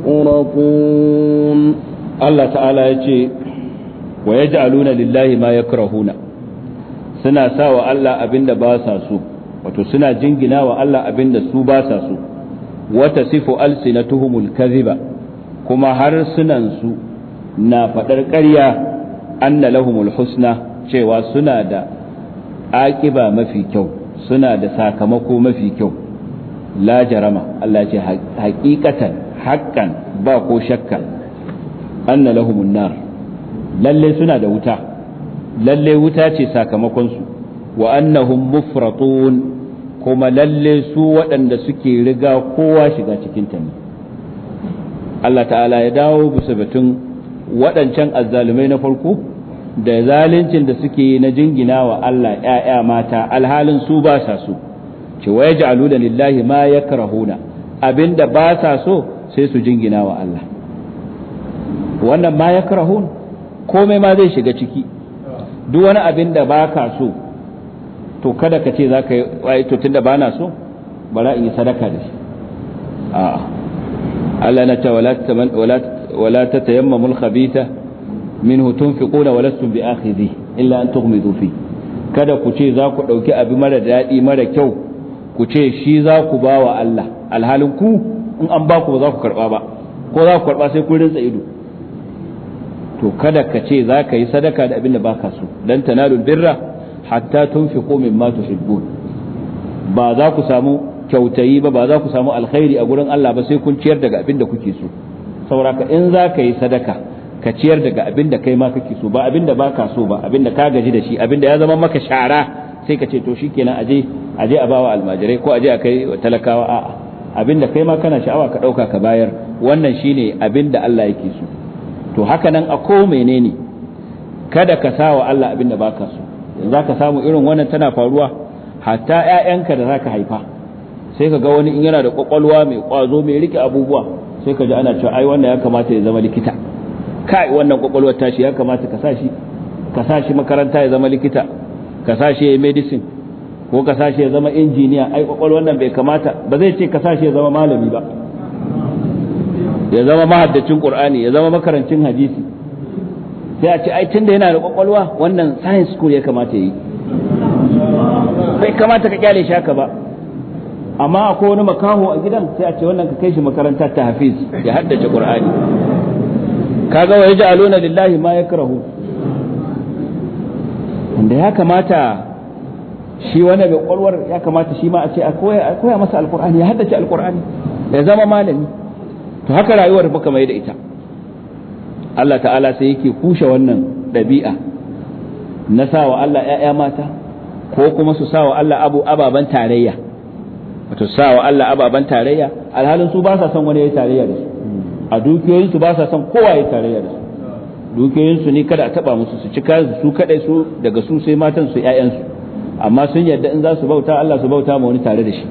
مفرطون الله تعالى يجي ويجعلون لله ما يكرهون سنا ساوى الله أبند باسا سوء وتسنا جنجنا والله أبند سوء باسا سو وتصف ألسنتهم الكذبة كما هرسنا سو نافتر قرية أن لهم الحسنى دا suna ما في كو سنا دا ساكمكو ما في كو لا jarama الله ce حقيقة haƙƙan ba ko shakka anna lahumun nar lalle suna da wuta lalle wuta ce sakamakonsu wa annahum mufratun kuma lalle su waɗanda suke riga kowa shiga cikinta ne Allah ta'ala ya dawo bisa batun waɗancan azzalumai na farko da zaluncin da suke na jingina wa Allah ‘ya'ya mata alhalin su ba sa so, ce wa ya lillahi ma ya abinda ba sa so sai su jingina wa Allah wannan ma yakrahun komai ma zai shiga ciki duk wani abin da ba ka so to kada ka ce zaka yi to tunda na so bara in yi sadaka da shi a Allah na ta wala wala wala tatayammamul khabitha minhu tunfiquna bi bi'akhidhi illa an tughmidu fi kada ku ce za ku dauki abu mara dadi mara kyau ku ce shi za ku ba wa Allah alhalin ku in an ba ku ba za ku karba ba ko za ku karba sai kun rinsa ido to kada ka ce za ka yi sadaka da abin da baka so dan tanalul birra hatta tunfiqu mimma tuhibbun ba za ku samu kyautayi ba ba za ku samu alkhairi a gurin Allah ba sai kun ciyar daga abin da kuke so sauraka in za ka yi sadaka ka ciyar daga abin da kai ma kake so ba abin da baka so ba abin da ka gaji da shi abin da ya zama maka shara sai ka ce to shikenan aje aje a bawa almajirai ko aje a kai talakawa a'a abinda kai ma kana sha'awa ka ɗauka ka bayar wannan shine abinda Allah yake so to haka nan a ko menene kada ka sa wa Allah abinda baka so yanzu ka samu irin wannan tana faruwa hatta ƴaƴanka da zaka haifa sai ka ga wani in yana da kwakwalwa mai kwazo mai rike abubuwa sai ka ji ana cewa ai wannan ya kamata ya zama likita kai wannan kwakwalwar tashi ya kamata ka sa shi ka sa makaranta ya zama likita ka sa shi ya medicine ko ka sashi ya zama injiniya ai kwakwalwar wannan bai kamata ba zai ce ka sashi ya zama malami ba ya zama mahaddacin qur'ani ya zama makarancin hadisi sai a ce ai tunda yana da kwakwalwa wannan science school ya kamata yi bai kamata ka kyale shi haka ba amma akwai wani makaho a gidan sai a ce wannan ka kai shi makaranta ta hafiz ya haddace qur'ani kaga wa yaj'aluna lillahi ma yakrahu inda ya kamata shi wani mai kwalwar ya kamata shi ma a ce a koya masa alkur'ani ya haddace alkur'ani ya zama malami to haka rayuwar muka mai da ita Allah ta'ala sai yake kushe wannan ɗabi'a na sawa Allah ‘ya'ya mata ko kuma su sawa Allah abu ababen tarayya wato sawa Allah ababen tarayya alhalin su ba sa son wani ya tarayya da su a dukiyoyinsu ba sa son kowa ya tarayya da su dukiyoyinsu ne kada a taba musu su cika su kadai su daga su sai matan su su amma sun yarda in za su bauta Allah su bauta ma wani tare da shi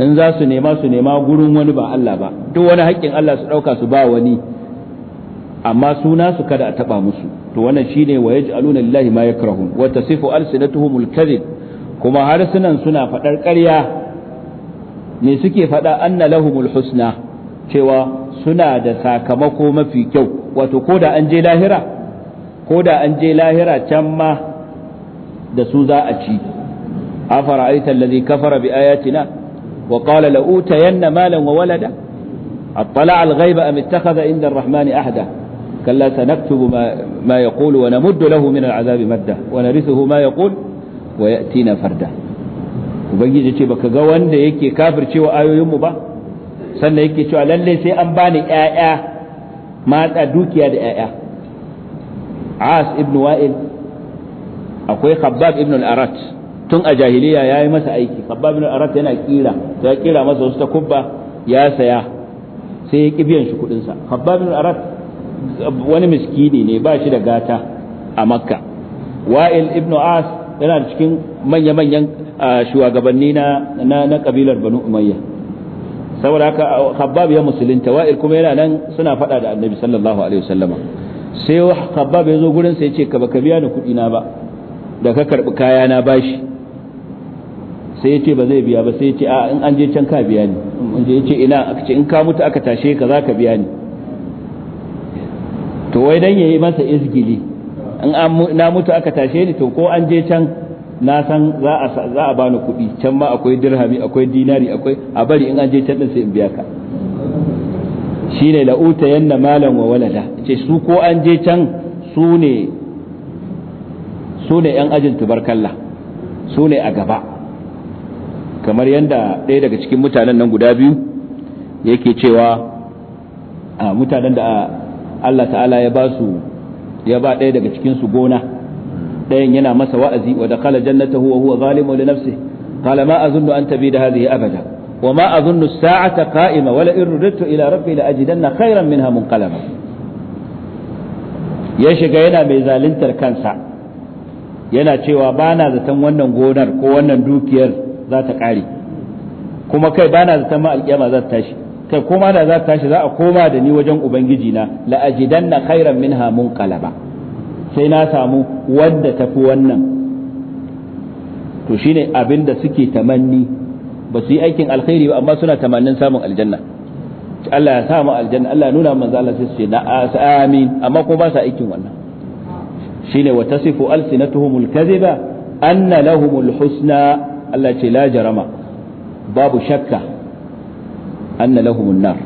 in za su nema su nema gurin wani ba Allah ba duk wani haƙƙin Allah su ɗauka su ba wani amma suna su kada a taba musu to wannan shine wa yaj'aluna lillahi ma yakrahun wa tasifu alsinatuhumul kadhib kuma harsunan suna fadar ƙarya me suke fada anna lahumul husna cewa suna da sakamako mafi kyau wato koda an je lahira koda an je lahira can ma da su za a ci afara'aita allazi kafara bi ayatina wa qala la utayanna الغيب ام اتخذ عند الرحمن احدا كلا سنكتب ما, ما يقول ونمد له من العذاب مده ونرثه ما يقول وياتينا فردا ubangiji ce baka ga wanda yake kafircewa ayoyinmu ba sannan yake cewa lalle sai an bani ƴaƴa matsa dukiya da ƴaƴa as ibn wa'il akwai khabbab ibn al-arat tun a jahiliya ya yi masa aiki khabbab bin arat yana kira to ya kira masa wasu takubba ya saya sai ya ƙi biyan shi kudin sa khabbab bin arat wani miskini ne ba shi da gata a makka wa'il ibnu as yana cikin manya manyan shugabanni na na kabilar banu umayya saboda haka khabbab ya musulunta wa'il kuma yana nan suna fada da annabi sallallahu alaihi wasallama sai khabbab ya zo gurin sa ya ce ka baka biya ni kudi na ba da ka karbi kaya na bashi sai ya ce ba zai biya ba sai ya ce a in an je can ka biya ni in je ce ina aka ce in ka mutu aka tashe ka za ka biya ni to wai dan yayi masa izgili in an na mutu aka tashe ni to ko an je can na san za a za a bani kuɗi can ma akwai dirhami akwai dinari akwai a bari in an je can din sai in biya ka shine la uta yanna malan wa walada ce su ko an je can su ne su ne yan ajin tubarkalla su ne a gaba kamar yadda ɗaya daga cikin mutanen nan guda biyu yake cewa a mutanen da Allah ta'ala ya ba su ya ba ɗaya daga cikin su gona ɗayan yana masa wa'azi wa da kala jannata huwa zalimun li nafsi qala ma azunnu an tabida hadhihi abada wa ma azunnu as-sa'ata qa'ima wa la irudtu ila rabbi la ajidanna khayran minha munqalaba ya shiga yana mai zaluntar kansa yana cewa bana zaton wannan gonar ko wannan dukiyar za ta ƙare kuma kai bana zaton ma alkiyama za ta tashi kai koma da za ta tashi za a koma da ni wajen ubangiji na la ajidanna khairan minha munqalaba sai na samu wanda tafi wannan to shine abin da suke tamanni ba su yi aikin alkhairi ba amma suna tamannin samun aljanna Allah ya samu aljanna Allah ya nuna manzo Allah sai su ce na amin amma ko ba sa aikin wannan shine wa tasifu alsinatuhumul kadhiba anna lahumul husna Allah ce la jarama babu shakka anna lahumun nar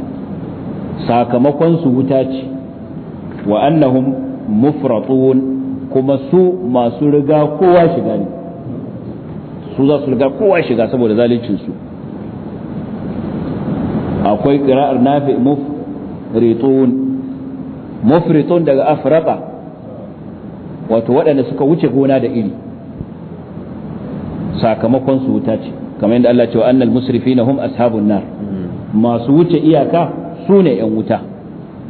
sakamakon su wuta ce wa annahum mufratun kuma su masu riga kowa shiga ne su za su riga kowa shiga saboda zalincin su akwai qira'ar nafi mufritun mufritun daga afraba wato waɗanda suka wuce gona da iri sakamakon su wuta ce kamar yadda Allah ce wa annal na hum ashabun nar hmm. masu wuce iyaka su ne yan wuta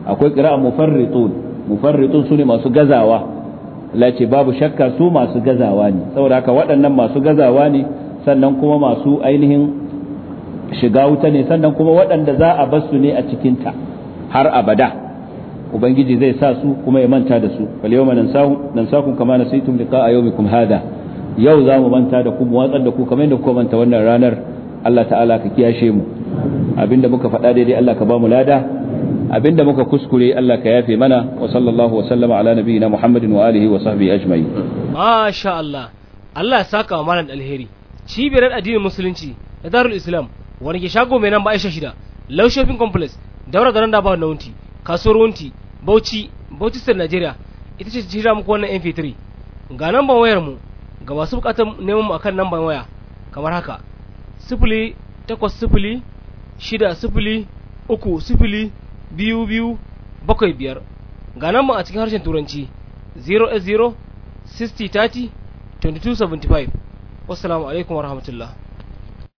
akwai kira mufarritun mufarritun su ne masu gazawa Allah ce babu shakka su masu gazawa ne saboda haka waɗannan masu gazawa ne sannan kuma masu ainihin shiga wuta ne sannan kuma waɗanda za a bar su ne a cikinta har abada ubangiji zai sa su kuma ya manta da su fal yawma nansahum nansakum kama nasitum liqa'a yawmikum hada yau za mu manta da ku mu watsar da ku kamar yadda kuka manta wannan ranar Allah ta'ala ka kiyashe mu abinda muka faɗa daidai Allah ka ba mu lada abinda muka kuskure Allah ka yafe mana wa sallallahu wa sallama ala nabiyina Muhammadin wa alihi wa sahbihi ajma'in masha Allah Allah ya saka wa malam alheri cibiyar addinin musulunci da darul islam wani ke shago mai nan ba aisha shida law shopping complex daura garin da ba na wunti kasuwar wunti bauchi bauchi sir nigeria ita ce jira muku wannan mp3 ga namban wayar mu ga masu bukatar neman akan namban waya kamar haka sifili takwas sifili shida sifili uku sifili biyu bakwai biyar ga nan a cikin harshen turanci 0 0 60 alaikum wa rahmatullah